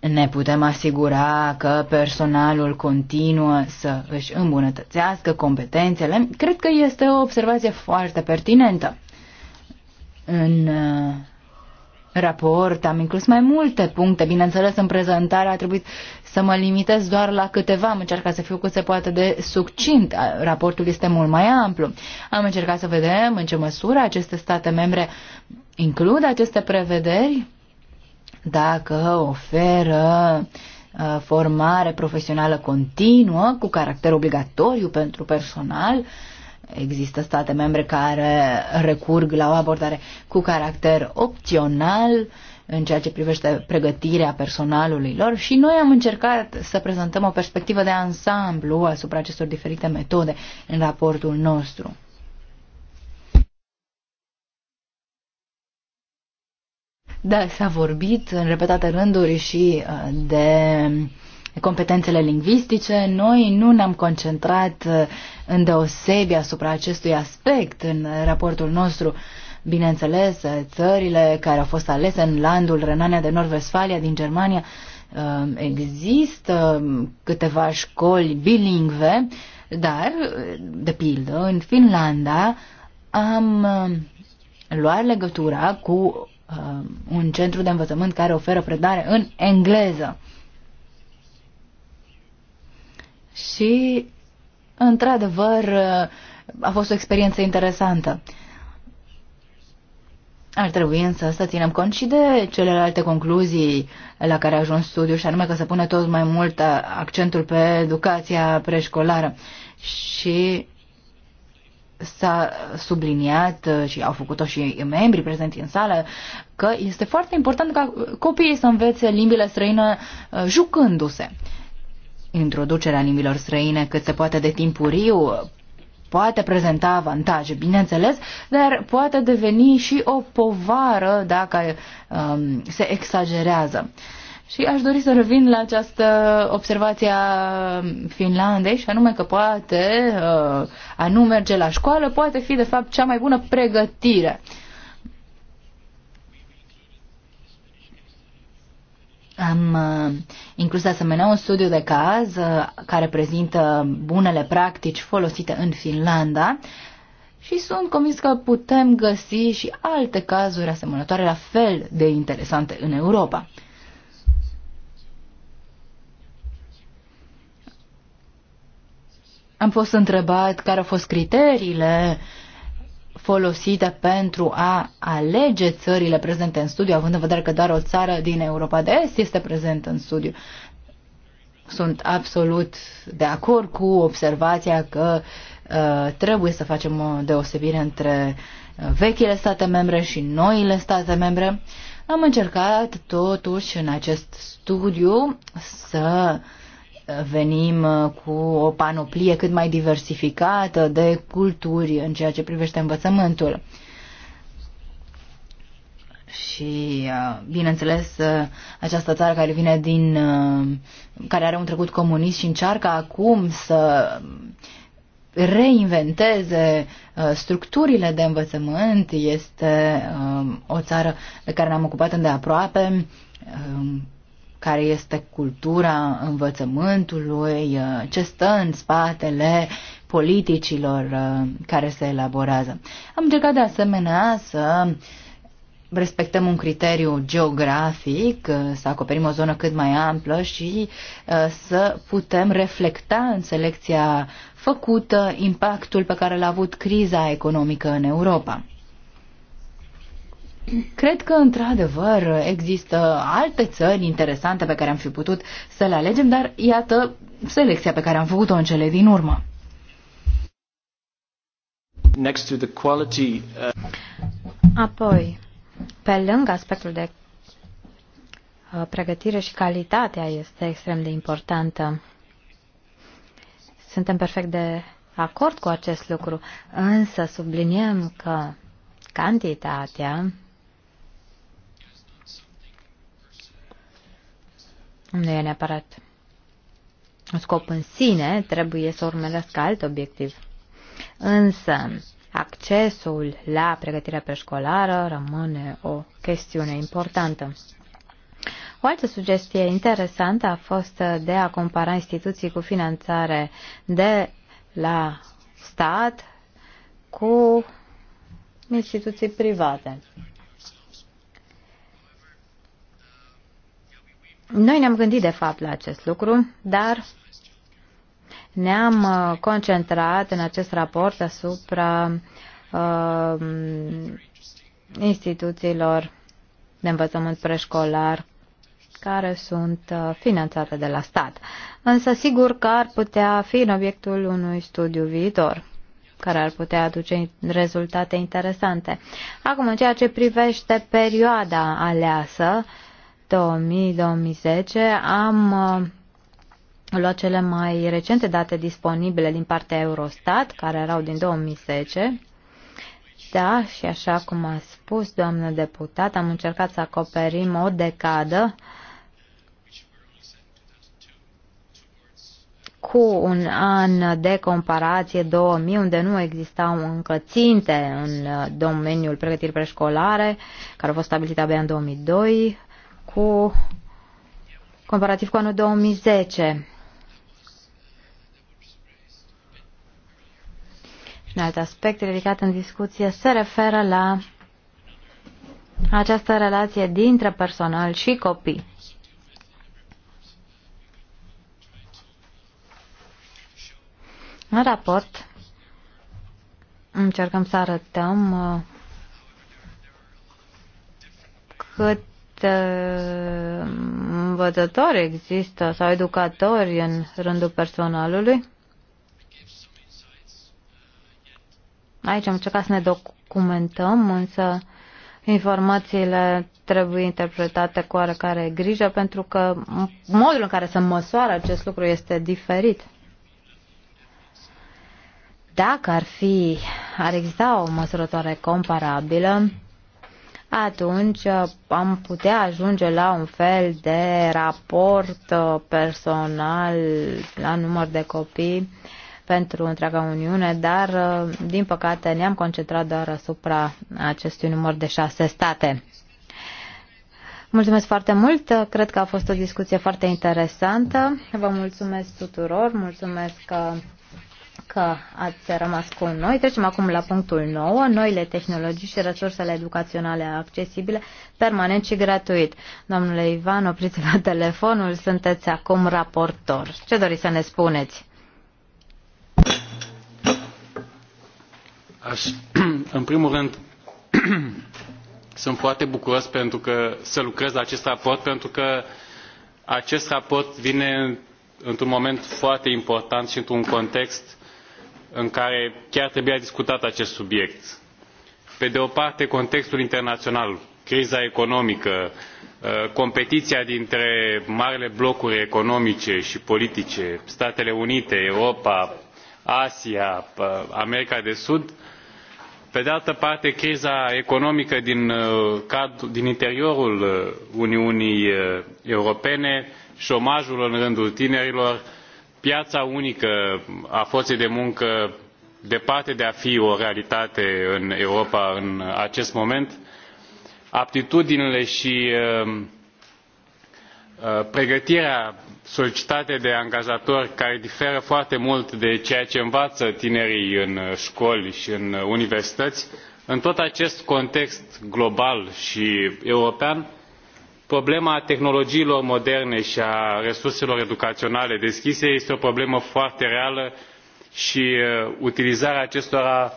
ne putem asigura că personalul continuă să își îmbunătățească competențele. Cred că este o observație foarte pertinentă. În raport, am inclus mai multe puncte. Bineînțeles, în prezentare a trebuit să mă limitez doar la câteva. Am încercat să fiu cât se poate de succint. Raportul este mult mai amplu. Am încercat să vedem în ce măsură aceste state membre includ aceste prevederi, dacă oferă uh, formare profesională continuă cu caracter obligatoriu pentru personal, Există state membre care recurg la o abordare cu caracter opțional în ceea ce privește pregătirea personalului lor și noi am încercat să prezentăm o perspectivă de ansamblu asupra acestor diferite metode în raportul nostru. Da, s-a vorbit în repetate rânduri și uh, de competențele lingvistice, noi nu ne-am concentrat uh, îndeosebi asupra acestui aspect în raportul nostru. Bineînțeles, uh, țările care au fost alese în landul Renania de Nord-Vestfalia din Germania uh, există um, câteva școli bilingve, dar, de pildă, în Finlanda am luat legătura cu un centru de învățământ care oferă predare în engleză și, într-adevăr, a fost o experiență interesantă. Ar trebui însă să ținem cont și de celelalte concluzii la care a ajuns studiul, și anume că se pune tot mai mult accentul pe educația preșcolară. Și s-a subliniat și au făcut-o și membrii prezenți în sală că este foarte important ca copiii să învețe limbile străină uh, jucându-se introducerea limbilor străine cât se poate de timpuriu poate prezenta avantaje, bineînțeles, dar poate deveni și o povară dacă um, se exagerează. Și aș dori să revin la această observație a Finlandei și anume că poate uh, a nu merge la școală poate fi de fapt cea mai bună pregătire. Uh, Am uh, inclus asemenea un studiu de caz uh, care prezintă bunele practici folosite în Finlanda și sunt convins că putem găsi și alte cazuri asemănătoare la fel de interesante în Europa. Am fost întrebat care au fost criteriile folosite pentru a alege țările prezente în studiu, având în vedere că doar o țară din Europa de Est este prezentă în studiu. Sunt absolut de acord cu observația că uh, trebuie să facem o deosebire între uh, vechile state membre și noile state membre. Am încercat totuși în acest studiu să uh, venim uh, cu o panoplie cât mai diversificată de culturi în ceea ce privește învățământul. Și, uh, bineînțeles, uh, această țară care vine din. care are un trecut comunist și încearcă acum să reinventeze structurile de învățământ este o țară de care ne-am ocupat îndeaproape um, care este cultura învățământului, uh, ce stă în spatele politicilor uh, care se elaborează. Am încercat de asemenea să respectăm un criteriu geografic, uh, să acoperim o zonă cât mai amplă și să putem reflecta în selecția făcută impactul pe care l-a avut criza economică în Europa. Cred că, într-adevăr, există alte țări interesante pe care am fi putut să le alegem, dar iată selecția pe care am făcut-o în cele din urmă. Next to the quality, uh... Apoi, pe lângă aspectul de uh, pregătire și calitatea este extrem de importantă. Suntem perfect de acord cu acest lucru, însă subliniem că cantitatea Nu e neapărat un scop în sine, trebuie să urmărească alt obiectiv. Însă, accesul la pregătirea preșcolară rămâne o chestiune importantă. O altă sugestie interesantă a fost de a compara instituții cu finanțare de la stat cu instituții private. Noi ne-am gândit de fapt la acest lucru, dar ne-am uh, concentrat în acest raport asupra uh, instituțiilor de învățământ preșcolar care sunt uh, finanțate de la stat. Însă sigur că ar putea fi în obiectul unui studiu viitor care ar putea aduce rezultate interesante. Acum, în ceea ce privește perioada aleasă, 2000-2010 am uh, luat cele mai recente date disponibile din partea Eurostat, care erau din 2010. Da, și așa cum a spus doamnă deputat, am încercat să acoperim o decadă cu un an de comparație 2000, unde nu existau încă ținte în uh, domeniul pregătirii preșcolare, care au fost stabilite abia în 2002, cu comparativ cu anul 2010. Și un alt aspect ridicat în discuție se referă la această relație dintre personal și copii. În raport încercăm să arătăm uh, cât Uh, învățători există sau educatori în rândul personalului. Aici am încercat să ne documentăm, însă informațiile trebuie interpretate cu oarecare grijă, pentru că modul în care se măsoară acest lucru este diferit. Dacă ar fi, ar exista o măsurătoare comparabilă, atunci uh, am putea ajunge la un fel de raport uh, personal la număr de copii pentru întreaga Uniune, dar uh, din păcate ne-am concentrat doar asupra acestui număr de șase state. Mulțumesc foarte mult, cred că a fost o discuție foarte interesantă. Vă mulțumesc tuturor, mulțumesc că că ați rămas cu noi. Trecem acum la punctul 9, noile tehnologii și resursele educaționale accesibile permanent și gratuit. Domnule Ivan, opriți-vă telefonul, sunteți acum raportor. Ce doriți să ne spuneți? Aș, în primul rând, sunt foarte bucuros pentru că să lucrez la acest raport, pentru că acest raport vine într un moment foarte important și într un context în care chiar trebuia discutat acest subiect. Pe de o parte, contextul internațional, criza economică, uh, competiția dintre marile blocuri economice și politice, Statele Unite, Europa, Asia, uh, America de Sud, pe de altă parte criza economică din, uh, din interiorul uniunii europene șomajul în rândul tinerilor piața unică a forței de muncă departe de a fi o realitate în europa în acest moment aptitudinile și uh, uh, pregătirea solicitate de angajatori care diferă foarte mult de ceea ce învață tinerii în școli și în universități în tot acest context global și european problema tehnologiilor moderne și a resurselor educaționale deschise este o problemă foarte reală și uh, utilizarea acestora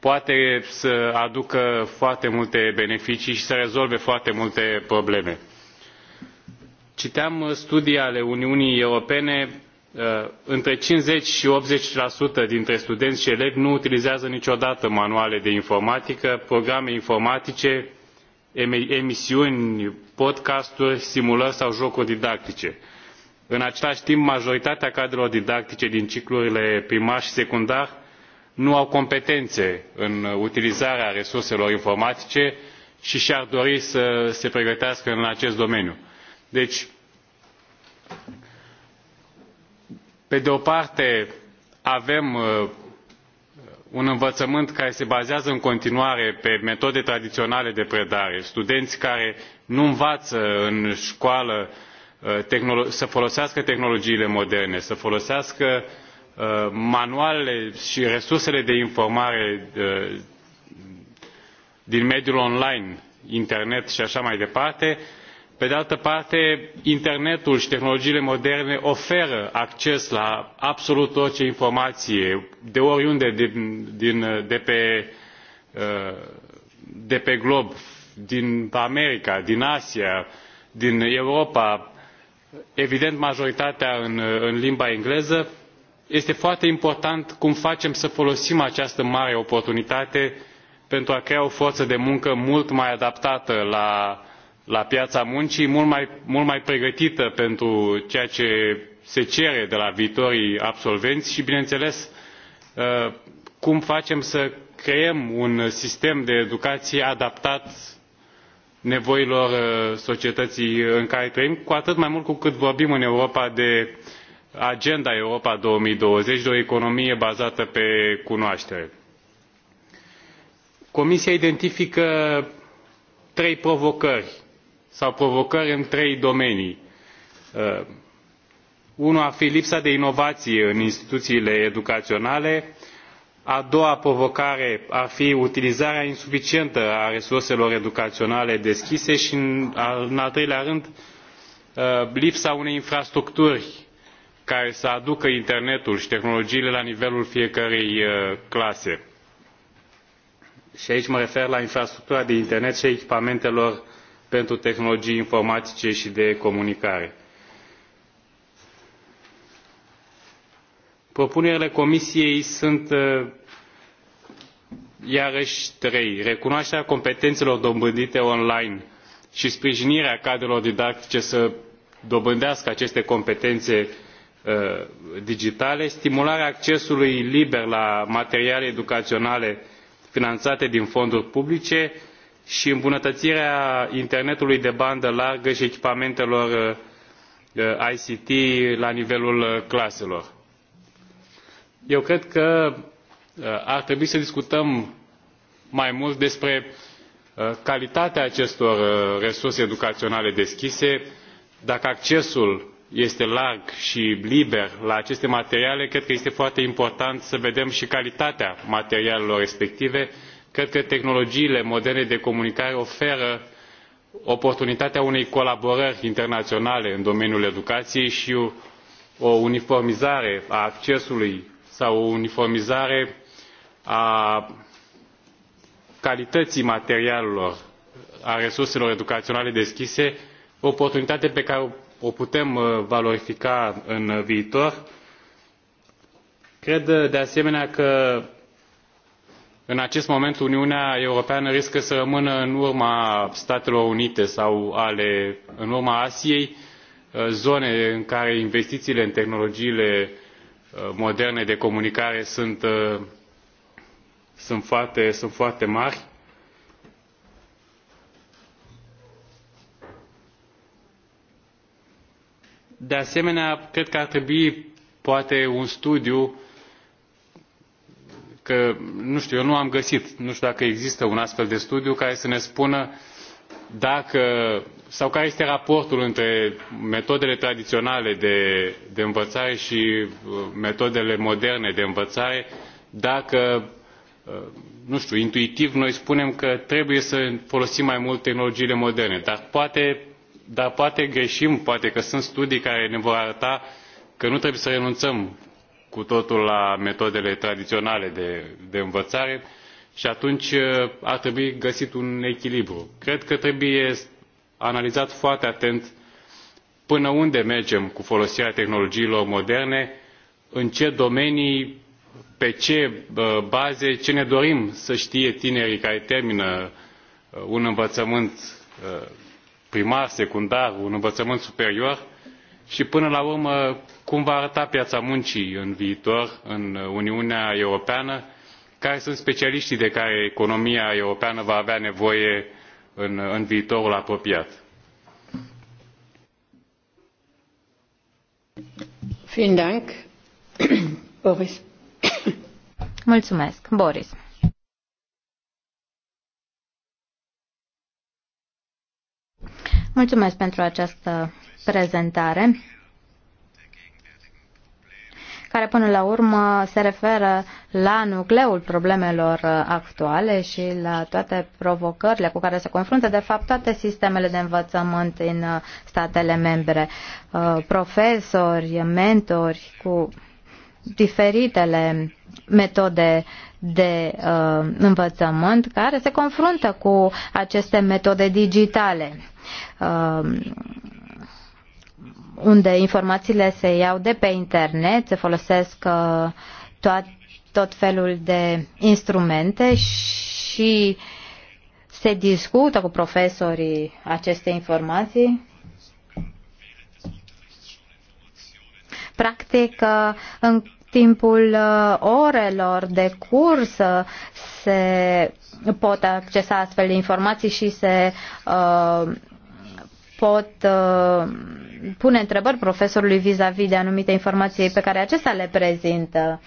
poate să aducă foarte multe beneficii și să rezolve foarte multe probleme. Citeam uh, studii ale Uniunii Europene, uh, între 50 și 80% dintre studenți și elevi nu utilizează niciodată manuale de informatică, programe informatice, emisiuni podcasturi simulări sau jocuri didactice. în același timp majoritatea cadrelor didactice din ciclurile primar și secundar nu au competențe în utilizarea resurselor informatice și și ar dori să se pregătească în acest domeniu. deci pe de o parte avem uh, un învățământ care se bazează în continuare pe metode tradiționale de predare studenți care nu învață în școală uh, să folosească tehnologiile moderne să folosească uh, manualele și resursele de informare uh, din mediul online internet și așa mai departe pe de altă parte internetul și tehnologiile moderne oferă acces la absolut orice informație de oriunde din, de, pe, glob din america din asia din europa evident majoritatea în, în limba engleză este foarte important cum facem să folosim această mare oportunitate pentru a crea o forță de muncă mult mai adaptată la la piața muncii mult mai, pregătită pentru ceea ce se cere de la viitorii absolvenți și bineînțeles uh, cum facem să creăm un sistem de educație adaptat nevoilor uh, societății în care trăim cu atât mai mult cu cât vorbim în europa de agenda europa două mii douăzeci de o economie bazată pe cunoaștere. comisia identifică trei provocări sau provocări în trei domenii uh, unul ar fi lipsa de inovație în instituțiile educaționale a doua provocare ar fi utilizarea insuficientă a resurselor educaționale deschise și în al treilea rând uh, lipsa unei infrastructuri care să aducă internetul și tehnologiile la nivelul fiecărei uh, clase și aici mă refer la infrastructura de internet și a echipamentelor pentru tehnologii informatice și de comunicare. Propunerile Comisiei sunt uh, iarăși trei. Recunoașterea competențelor dobândite online și sprijinirea cadrelor didactice să dobândească aceste competențe uh, digitale, stimularea accesului liber la materiale educaționale finanțate din fonduri publice, și îmbunătățirea internetului de bandă largă și echipamentelor uh, ict la nivelul uh, claselor. eu cred că uh, ar trebui să discutăm mai mult despre calitatea acestor resurse educaționale deschise dacă accesul este larg și liber la aceste materiale cred că este foarte important să vedem și calitatea materialelor respective cred că tehnologiile moderne de comunicare oferă oportunitatea unei colaborări internaționale în domeniul educației și o uniformizare a accesului sau o uniformizare a calității materialelor a resurselor educaționale deschise oportunitate pe care o putem uh, valorifica în viitor. cred uh, de asemenea că în acest moment uniunea europeană riscă să rămână în urma statelor unite sau ale, în urma asiei uh, zone în care investițiile în tehnologiile uh, moderne de comunicare sunt, uh, sunt, foarte, sunt foarte mari de asemenea cred că ar trebui poate un studiu că nu știu eu nu am găsit nu știu dacă există un astfel de studiu care să ne spună dacă sau care este raportul între metodele tradiționale de, de învățare și uh, metodele moderne de învățare dacă uh, nu știu, intuitiv noi spunem că trebuie să folosim mai mult tehnologiile moderne, dar poate, dar poate greșim, poate că sunt studii care ne vor arăta că nu trebuie să renunțăm cu totul la metodele tradiționale de, de învățare și atunci uh, ar trebui găsit un echilibru. Cred că trebuie analizat foarte atent până unde mergem cu folosirea tehnologiilor moderne, în ce domenii, pe ce uh, baze, ce ne dorim să știe tinerii care termină uh, un învățământ primar, secundar, un învățământ superior, și până la urmă cum va arăta piața muncii în viitor în uniunea europeană care sunt specialiștii de care economia europeană va avea nevoie în, în viitorul apropiat. Boris. Mulțumesc, Boris. Mulțumesc pentru această prezentare, care până la urmă se referă la nucleul problemelor actuale și la toate provocările cu care se confruntă, de fapt, toate sistemele de învățământ în uh, statele membre, uh, profesori, mentori cu diferitele metode de uh, învățământ care se confruntă cu aceste metode digitale. Uh, unde informațiile se iau de pe internet, se folosesc uh, tot, tot felul de instrumente și se discută cu profesorii aceste informații. Practic, uh, în timpul uh, orelor de curs se pot accesa astfel de informații și se uh, pot uh, pune întrebări profesorului vis-a-vis -vis de anumite informații pe care acesta le prezintă.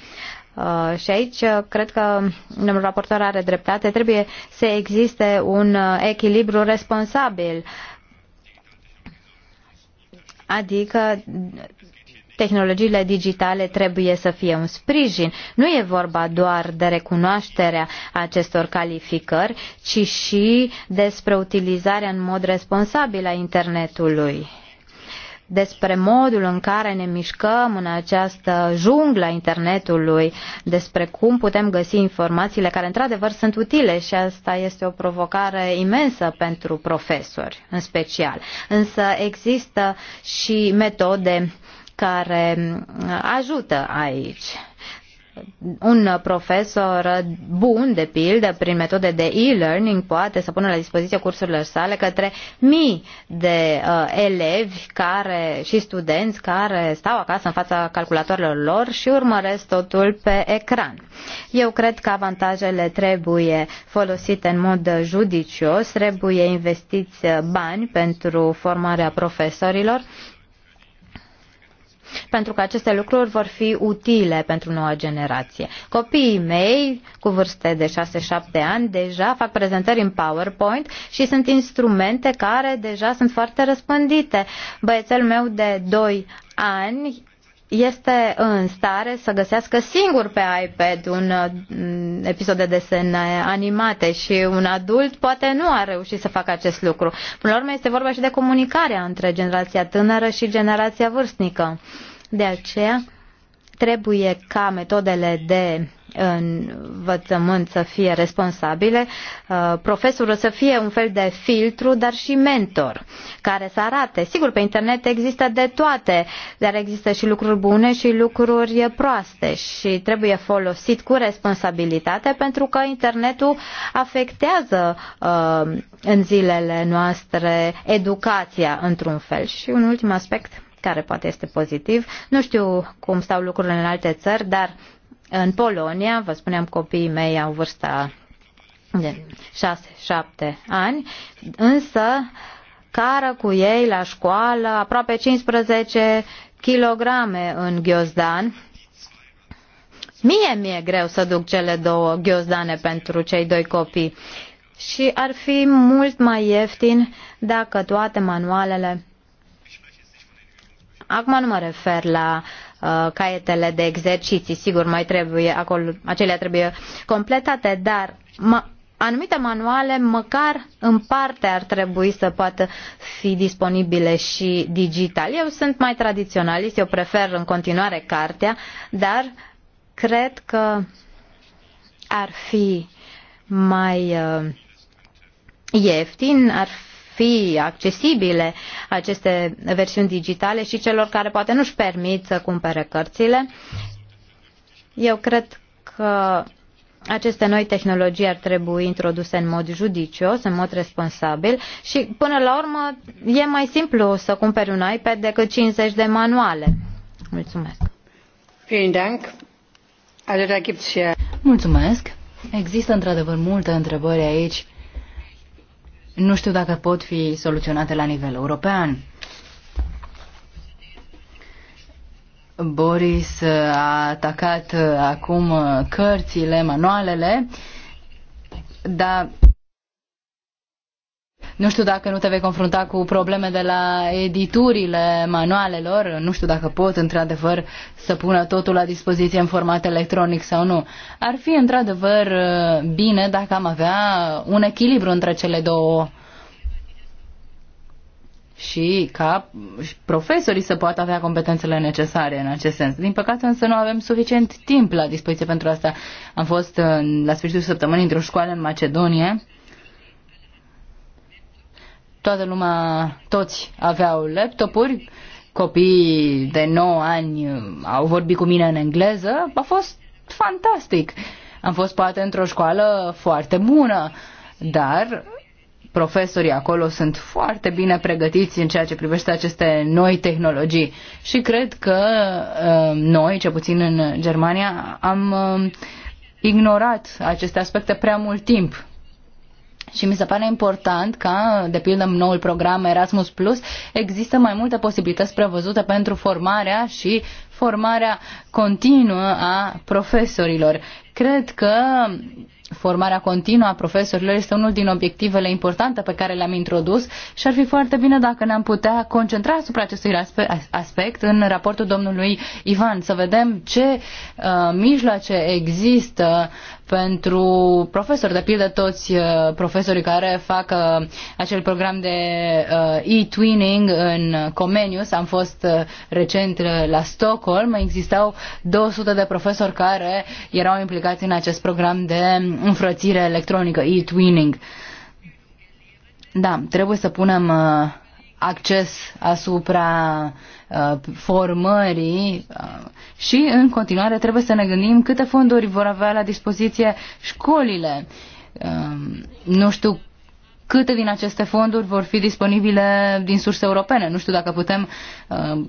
Uh, și aici uh, cred că domnul raportor are dreptate. Trebuie să existe un uh, echilibru responsabil. Adică tehnologiile digitale trebuie să fie un sprijin. Nu e vorba doar de recunoașterea acestor calificări, ci și despre utilizarea în mod responsabil a internetului despre modul în care ne mișcăm în această junglă a internetului, despre cum putem găsi informațiile care într-adevăr sunt utile și asta este o provocare imensă pentru profesori în special. Însă există și metode care ajută aici un profesor bun, de pildă, prin metode de e-learning, poate să pună la dispoziție cursurile sale către mii de uh, elevi care, și studenți care stau acasă în fața calculatorilor lor și urmăresc totul pe ecran. Eu cred că avantajele trebuie folosite în mod judicios, trebuie investiți uh, bani pentru formarea profesorilor, pentru că aceste lucruri vor fi utile pentru noua generație. Copiii mei, cu vârste de 6-7 ani, deja fac prezentări în PowerPoint și sunt instrumente care deja sunt foarte răspândite. Băiețelul meu de 2 ani este în stare să găsească singur pe iPad un mm, episod de desene animate și un adult poate nu a reușit să facă acest lucru. Până la urmă este vorba și de comunicarea între generația tânără și generația vârstnică. De aceea trebuie ca metodele de învățământ să fie responsabile, uh, profesorul să fie un fel de filtru, dar și mentor, care să arate. Sigur, pe internet există de toate, dar există și lucruri bune și lucruri proaste și trebuie folosit cu responsabilitate pentru că internetul afectează uh, în zilele noastre educația într-un fel. Și un ultim aspect care poate este pozitiv. Nu știu cum stau lucrurile în alte țări, dar în Polonia, vă spuneam, copiii mei au vârsta de 6-7 ani, însă cară cu ei la școală aproape 15 kilograme în ghiozdan. Mie mi-e greu să duc cele două ghiozdane pentru cei doi copii și ar fi mult mai ieftin dacă toate manualele Acum nu mă refer la Uh, caietele de exerciții. Sigur, mai trebuie acolo, acelea trebuie completate, dar ma- anumite manuale măcar în parte ar trebui să poată fi disponibile și digital. Eu sunt mai tradiționalist, eu prefer în continuare cartea, dar cred că ar fi mai uh, ieftin, ar fi accesibile aceste versiuni digitale și celor care poate nu-și permit să cumpere cărțile. Eu cred că aceste noi tehnologii ar trebui introduse în mod judicios, în mod responsabil și până la urmă e mai simplu să cumperi un iPad decât 50 de manuale. Mulțumesc. Da Mulțumesc. Există într-adevăr multe întrebări aici nu știu dacă pot fi soluționate la nivel european. Boris a atacat acum cărțile, manualele, dar nu știu dacă nu te vei confrunta cu probleme de la editurile manualelor, nu știu dacă pot într-adevăr să pună totul la dispoziție în format electronic sau nu. Ar fi într-adevăr bine dacă am avea un echilibru între cele două și ca profesorii să poată avea competențele necesare în acest sens. Din păcate însă nu avem suficient timp la dispoziție pentru asta. Am fost la sfârșitul săptămânii într-o școală în Macedonia toată lumea, toți aveau laptopuri, copiii de 9 ani uh, au vorbit cu mine în engleză, a fost fantastic. Am fost poate într-o școală foarte bună, dar profesorii acolo sunt foarte bine pregătiți în ceea ce privește aceste noi tehnologii și cred că uh, noi, ce puțin în Germania, am uh, ignorat aceste aspecte prea mult timp. Și mi se pare important că de pildă, în noul program Erasmus Plus, există mai multe posibilități prevăzute pentru formarea și formarea continuă a profesorilor. Cred că formarea continuă a profesorilor este unul din obiectivele importante pe care le-am introdus și ar fi foarte bine dacă ne-am putea concentra asupra acestui aspect în raportul domnului Ivan, să vedem ce uh, mijloace există pentru profesori, de pildă toți uh, profesorii care fac uh, acel program de uh, e-twinning în Comenius. Am fost recent la Stockholm, existau 200 de profesori care erau implicați în acest program de înfrățire electronică, e-twinning. Da, trebuie să punem uh, acces asupra uh, formării uh, și în continuare trebuie să ne gândim câte fonduri vor avea la dispoziție școlile. Uh, nu știu câte din aceste fonduri vor fi disponibile din surse europene. Nu știu dacă putem uh,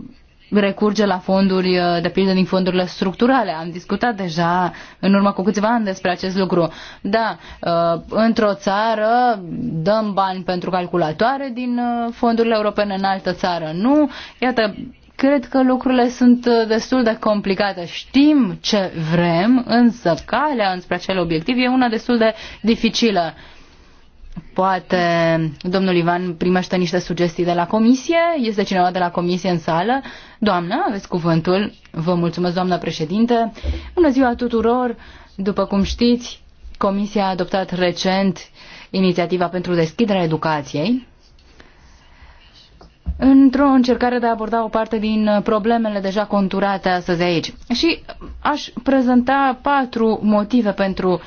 recurge la fonduri, uh, de pildă din fondurile structurale. Am discutat deja în urmă cu câțiva ani despre acest lucru. Da, uh, într-o țară dăm bani pentru calculatoare din uh, fondurile europene, în altă țară nu. Iată, cred că lucrurile sunt destul de complicate. Știm ce vrem, însă calea înspre acel obiectiv e una destul de dificilă. Poate domnul Ivan primește niște sugestii de la comisie? Este cineva de la comisie în sală? Doamnă, aveți cuvântul. Vă mulțumesc, doamna președinte. Bună ziua tuturor. După cum știți, comisia a adoptat recent inițiativa pentru deschiderea educației. Într-o încercare de a aborda o parte din problemele deja conturate astăzi aici. Și aș prezenta patru motive pentru uh,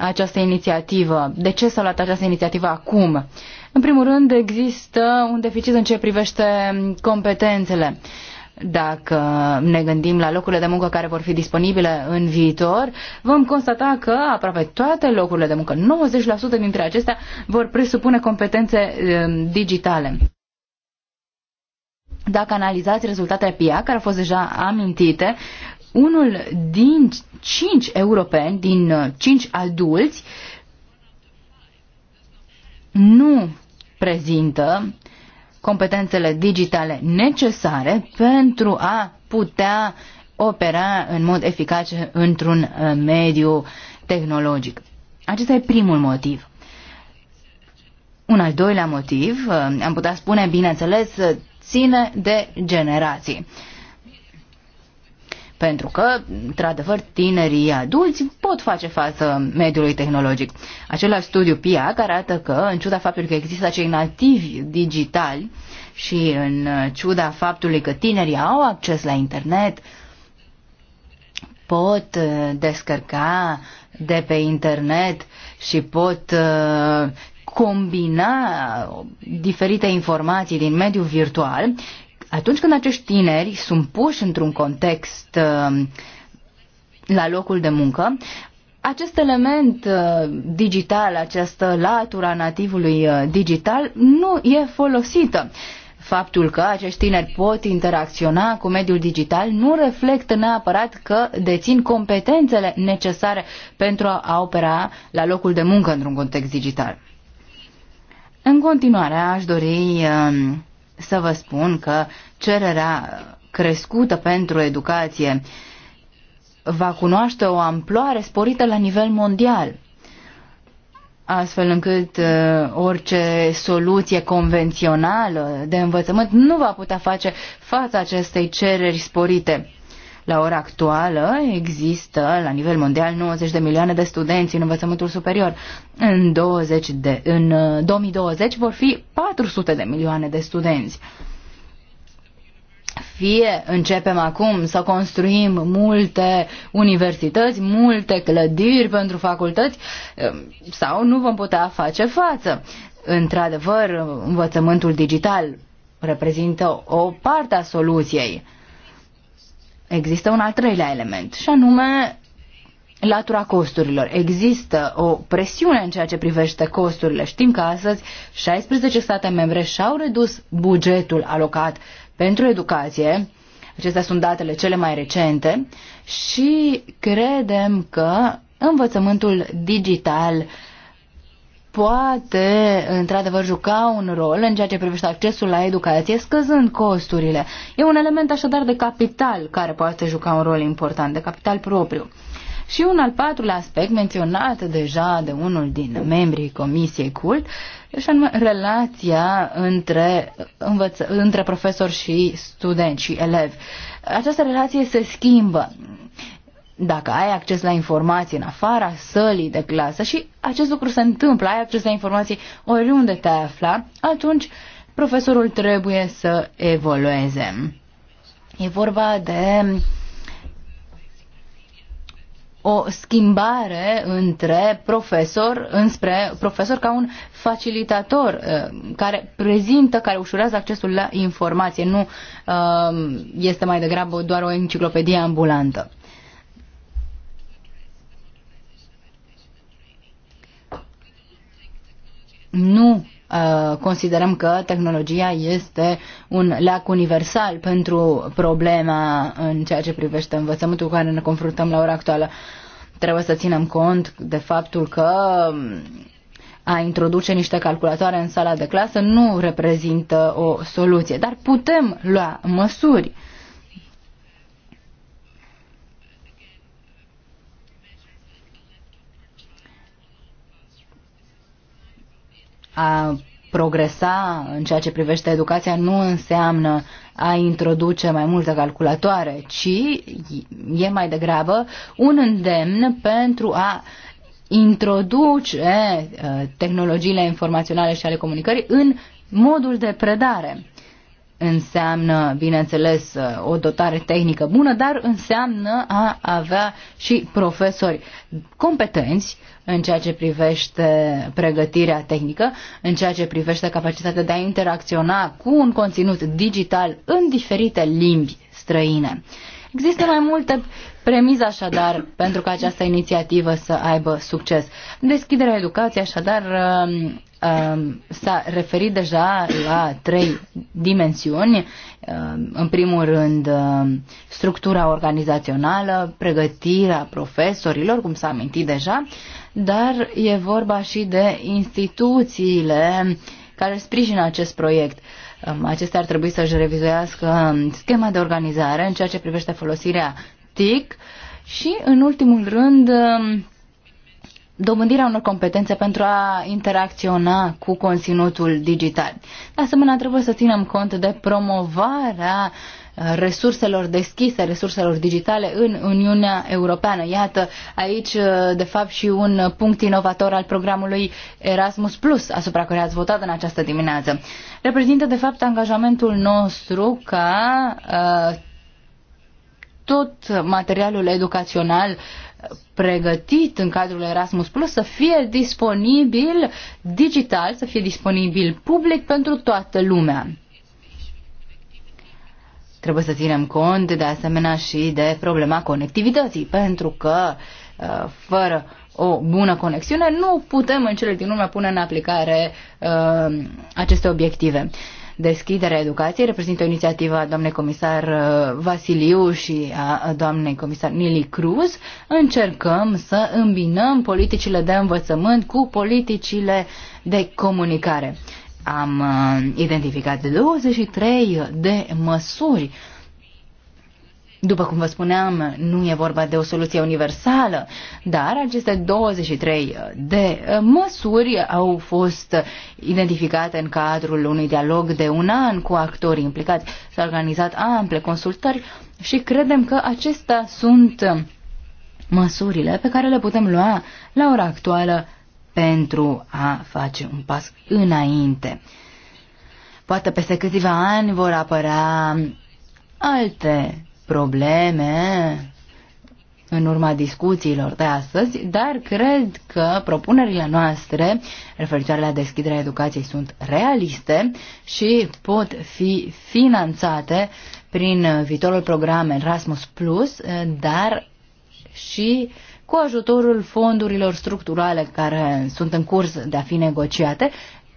această inițiativă. De ce s-a luat această inițiativă acum? În primul rând, există un deficit în ce privește competențele. Dacă ne gândim la locurile de muncă care vor fi disponibile în viitor, vom constata că aproape toate locurile de muncă, 90% dintre acestea, vor presupune competențe um, digitale. Dacă analizați rezultatele PIA, care au fost deja amintite, unul din cinci europeni, din uh, cinci adulți, nu prezintă competențele digitale necesare pentru a putea opera în mod eficace într-un uh, mediu tehnologic. Acesta e primul motiv. Un al doilea motiv, uh, am putea spune, bineînțeles, ține de generații. Pentru că, într-adevăr, tinerii adulți pot face față mediului tehnologic. Același studiu PIA arată că, în ciuda faptului că există acei nativi digitali și în ciuda faptului că tinerii au acces la internet, pot uh, descărca de pe internet și pot uh, combina uh, diferite informații din mediul virtual, atunci când acești tineri sunt puși într-un context uh, la locul de muncă, acest element uh, digital, această latura nativului uh, digital nu e folosită. Faptul că acești tineri pot interacționa cu mediul digital nu reflectă neapărat că dețin competențele necesare pentru a opera la locul de muncă într-un context digital. În continuare, aș dori um, să vă spun că cererea crescută pentru educație va cunoaște o amploare sporită la nivel mondial, astfel încât uh, orice soluție convențională de învățământ nu va putea face față acestei cereri sporite. La ora actuală există la nivel mondial 90 de milioane de studenți în învățământul superior. În, 20 de, în 2020 uh, vor fi 400 de milioane de studenți fie începem acum să construim multe universități, multe clădiri pentru facultăți, uh, sau nu vom putea face față. Într-adevăr, învățământul digital reprezintă o parte a soluției. Există un al treilea element și anume latura costurilor. Există o presiune în ceea ce privește costurile. Știm că astăzi 16 state membre și-au redus bugetul alocat pentru educație. Acestea sunt datele cele mai recente și credem că învățământul digital poate, într-adevăr, juca un rol în ceea ce privește accesul la educație, scăzând costurile. E un element așadar de capital care poate juca un rol important, de capital propriu. Și un al patrulea aspect menționat deja de unul din membrii Comisiei CULT, și anume relația între, învăță, între profesor și studenți și elev. Această relație se schimbă dacă ai acces la informații în afara sălii de clasă și acest lucru se întâmplă, ai acces la informații oriunde te afla, atunci profesorul trebuie să evolueze. E vorba de o schimbare între profesor, înspre profesor ca un facilitator uh, care prezintă, care ușurează accesul la informație, nu uh, este mai degrabă doar o enciclopedie ambulantă. nu uh, considerăm că tehnologia este un lac universal pentru problema în ceea ce privește învățământul cu care ne confruntăm la ora actuală. Trebuie să ținem cont de faptul că um, a introduce niște calculatoare în sala de clasă nu reprezintă o soluție, dar putem lua măsuri. a progresa în ceea ce privește educația nu înseamnă a introduce mai multe calculatoare, ci e mai degrabă un îndemn pentru a introduce uh, tehnologiile informaționale și ale comunicării în modul de predare înseamnă, bineînțeles, o dotare tehnică bună, dar înseamnă a avea și profesori competenți în ceea ce privește pregătirea tehnică, în ceea ce privește capacitatea de a interacționa cu un conținut digital în diferite limbi străine. Există mai multe premize așadar pentru ca această inițiativă să aibă succes. Deschiderea educației așadar Um, s-a referit deja la trei dimensiuni. Um, în primul rând, um, structura organizațională, pregătirea profesorilor, cum s-a amintit deja, dar e vorba și de instituțiile care sprijină acest proiect. Acestea ar trebui să-și revizuiască schema de organizare în ceea ce privește folosirea TIC și, în ultimul rând, dobândirea unor competențe pentru a interacționa cu conținutul digital. De asemenea, trebuie să ținem cont de promovarea uh, resurselor deschise, resurselor digitale în Uniunea Europeană. Iată aici, uh, de fapt, și un punct inovator al programului Erasmus Plus, asupra care ați votat în această dimineață. Reprezintă, de fapt, angajamentul nostru ca uh, tot materialul educațional uh, pregătit în cadrul Erasmus Plus să fie disponibil digital, să fie disponibil public pentru toată lumea. Trebuie să ținem cont de asemenea și de problema conectivității, pentru că uh, fără o bună conexiune nu putem în cele din urmă pune în aplicare uh, aceste obiective deschiderea educației. Reprezintă o inițiativă a doamnei comisar uh, Vasiliu și a doamnei comisar Nili Cruz. Încercăm să îmbinăm politicile de învățământ cu politicile de comunicare. Am uh, identificat 23 de măsuri după cum vă spuneam, nu e vorba de o soluție universală, dar aceste 23 de măsuri au fost identificate în cadrul unui dialog de un an cu actorii implicați. S-au organizat ample consultări și credem că acestea sunt măsurile pe care le putem lua la ora actuală pentru a face un pas înainte. Poate peste câțiva ani vor apărea alte probleme în urma discuțiilor de astăzi, dar cred că propunerile noastre referitoare la deschiderea educației sunt realiste și pot fi finanțate prin viitorul program Erasmus Plus, dar și cu ajutorul fondurilor structurale care sunt în curs de a fi negociate,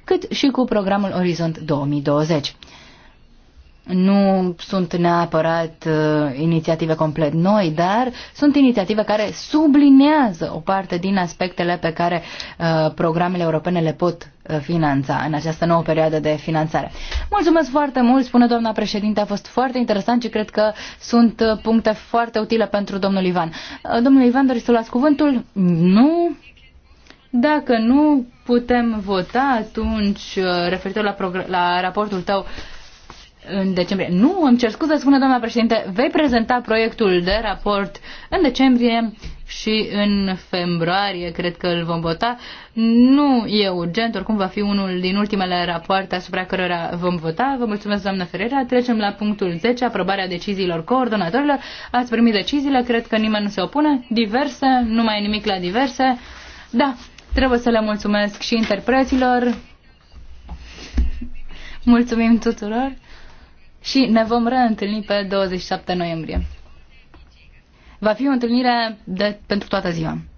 cât și cu programul Orizont 2020 nu sunt neapărat uh, inițiative complet noi, dar sunt inițiative care sublinează o parte din aspectele pe care uh, programele europene le pot uh, finanța în această nouă perioadă de finanțare. Mulțumesc foarte mult, spune doamna președinte, a fost foarte interesant și cred că sunt uh, puncte foarte utile pentru domnul Ivan. Uh, domnul Ivan, doriți să luați cuvântul? Nu. Dacă nu, putem vota atunci uh, referitor la, la raportul tău uh, în decembrie. Nu, îmi cer scuze, spune doamna președinte, vei prezenta proiectul de raport în decembrie și în februarie, cred că îl vom vota. Nu e urgent, oricum va fi unul din ultimele rapoarte asupra cărora vom vota. Vă mulțumesc, doamna Ferreira. Trecem la punctul 10, aprobarea deciziilor coordonatorilor. Ați primit deciziile, cred că nimeni nu se opune. Diverse, nu mai e nimic la diverse. Da, trebuie să le mulțumesc și interpreților. Mulțumim tuturor și ne vom reîntâlni pe 27 noiembrie. Va fi o întâlnire de, pentru toată ziua.